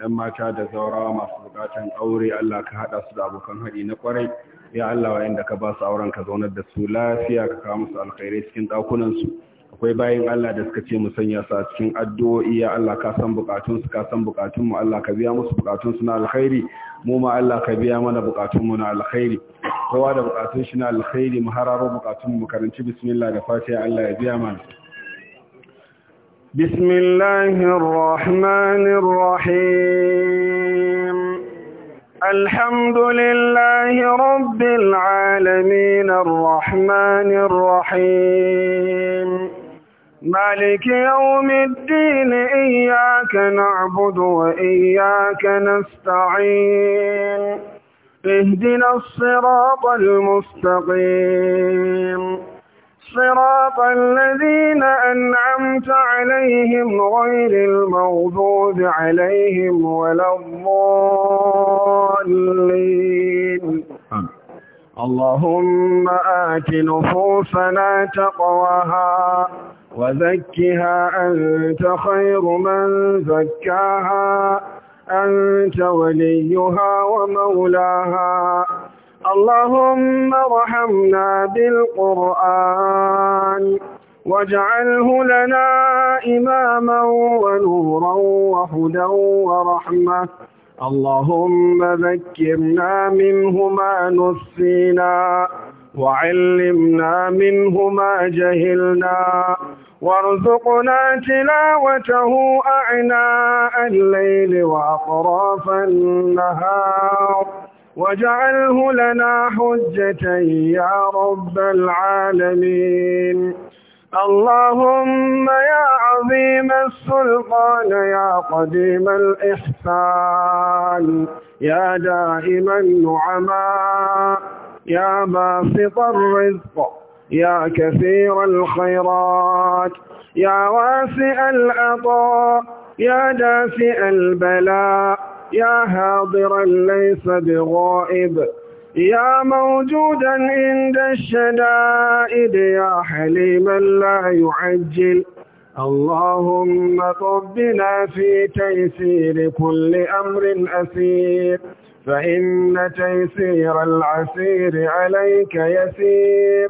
ɗan mata da zaurawa masu bukatan aure Allah ka haɗa su da abokan haɗi na kwarai ya Allah wa inda ka ba su auren ka zaunar da su lafiya ka kawo musu alkhairai cikin ɗakunansu? akwai bayin Allah da suka ce mu sanya su a cikin addu'o'i ya Allah ka san bukatunsu ka san bukatunmu Allah ka biya musu bukatunsu na alkhairi mu ma Allah ka biya mana bukatunmu na alkhairi kowa da bukatun shi na alkhairi mu hararo bukatunmu mu karanci bismillah da fatiha Allah ya biya mana بسم الله الحمد لله رب العالمين الرحمن الرحيم مالك يوم الدين إياك نعبد وإياك نستعين اهدنا الصراط المستقيم صراط الذين أنعمت عليهم غير المغضوب عليهم ولا الضالين اللهم آت نفوسنا تقواها وزكها أنت خير من زكاها أنت وليها ومولاها اللهم ارحمنا بالقرآن واجعله لنا إماما ونورا وهدى ورحمة اللهم ذكرنا منه ما نسينا وعلمنا منه ما جهلنا وارزقنا تلاوته أعناء الليل وأطراف النهار واجعله لنا حجة يا رب العالمين اللهم يا عظيم السلطان يا قديم الإحسان يا دائم النعماء يا باسط الرزق يا كثير الخيرات يا واسع العطاء يا دافع البلاء يا حاضرا ليس بغائب يا موجودا عند الشدائد يا حليما لا يعجل اللهم طبنا في تيسير كل أمر أسير فإن تيسير العسير عليك يسير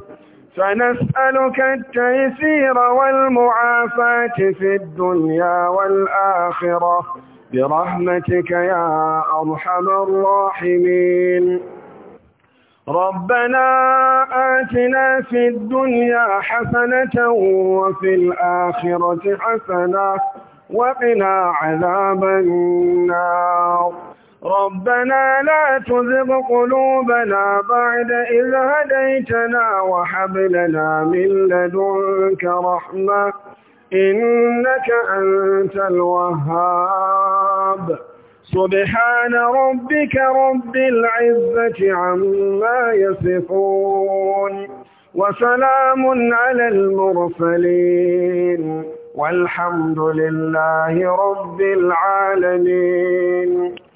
فنسألك التيسير والمعافاة في الدنيا والآخرة برحمتك يا أرحم الراحمين ربنا آتنا في الدنيا حسنة وفي الآخرة حسنة وقنا عذاب النار ربنا لا تزغ قلوبنا بعد إذ هديتنا وهب لنا من لدنك رحمة إنك أنت الوهاب سبحان ربك رب العزة عما يصفون وسلام على المرسلين والحمد لله رب العالمين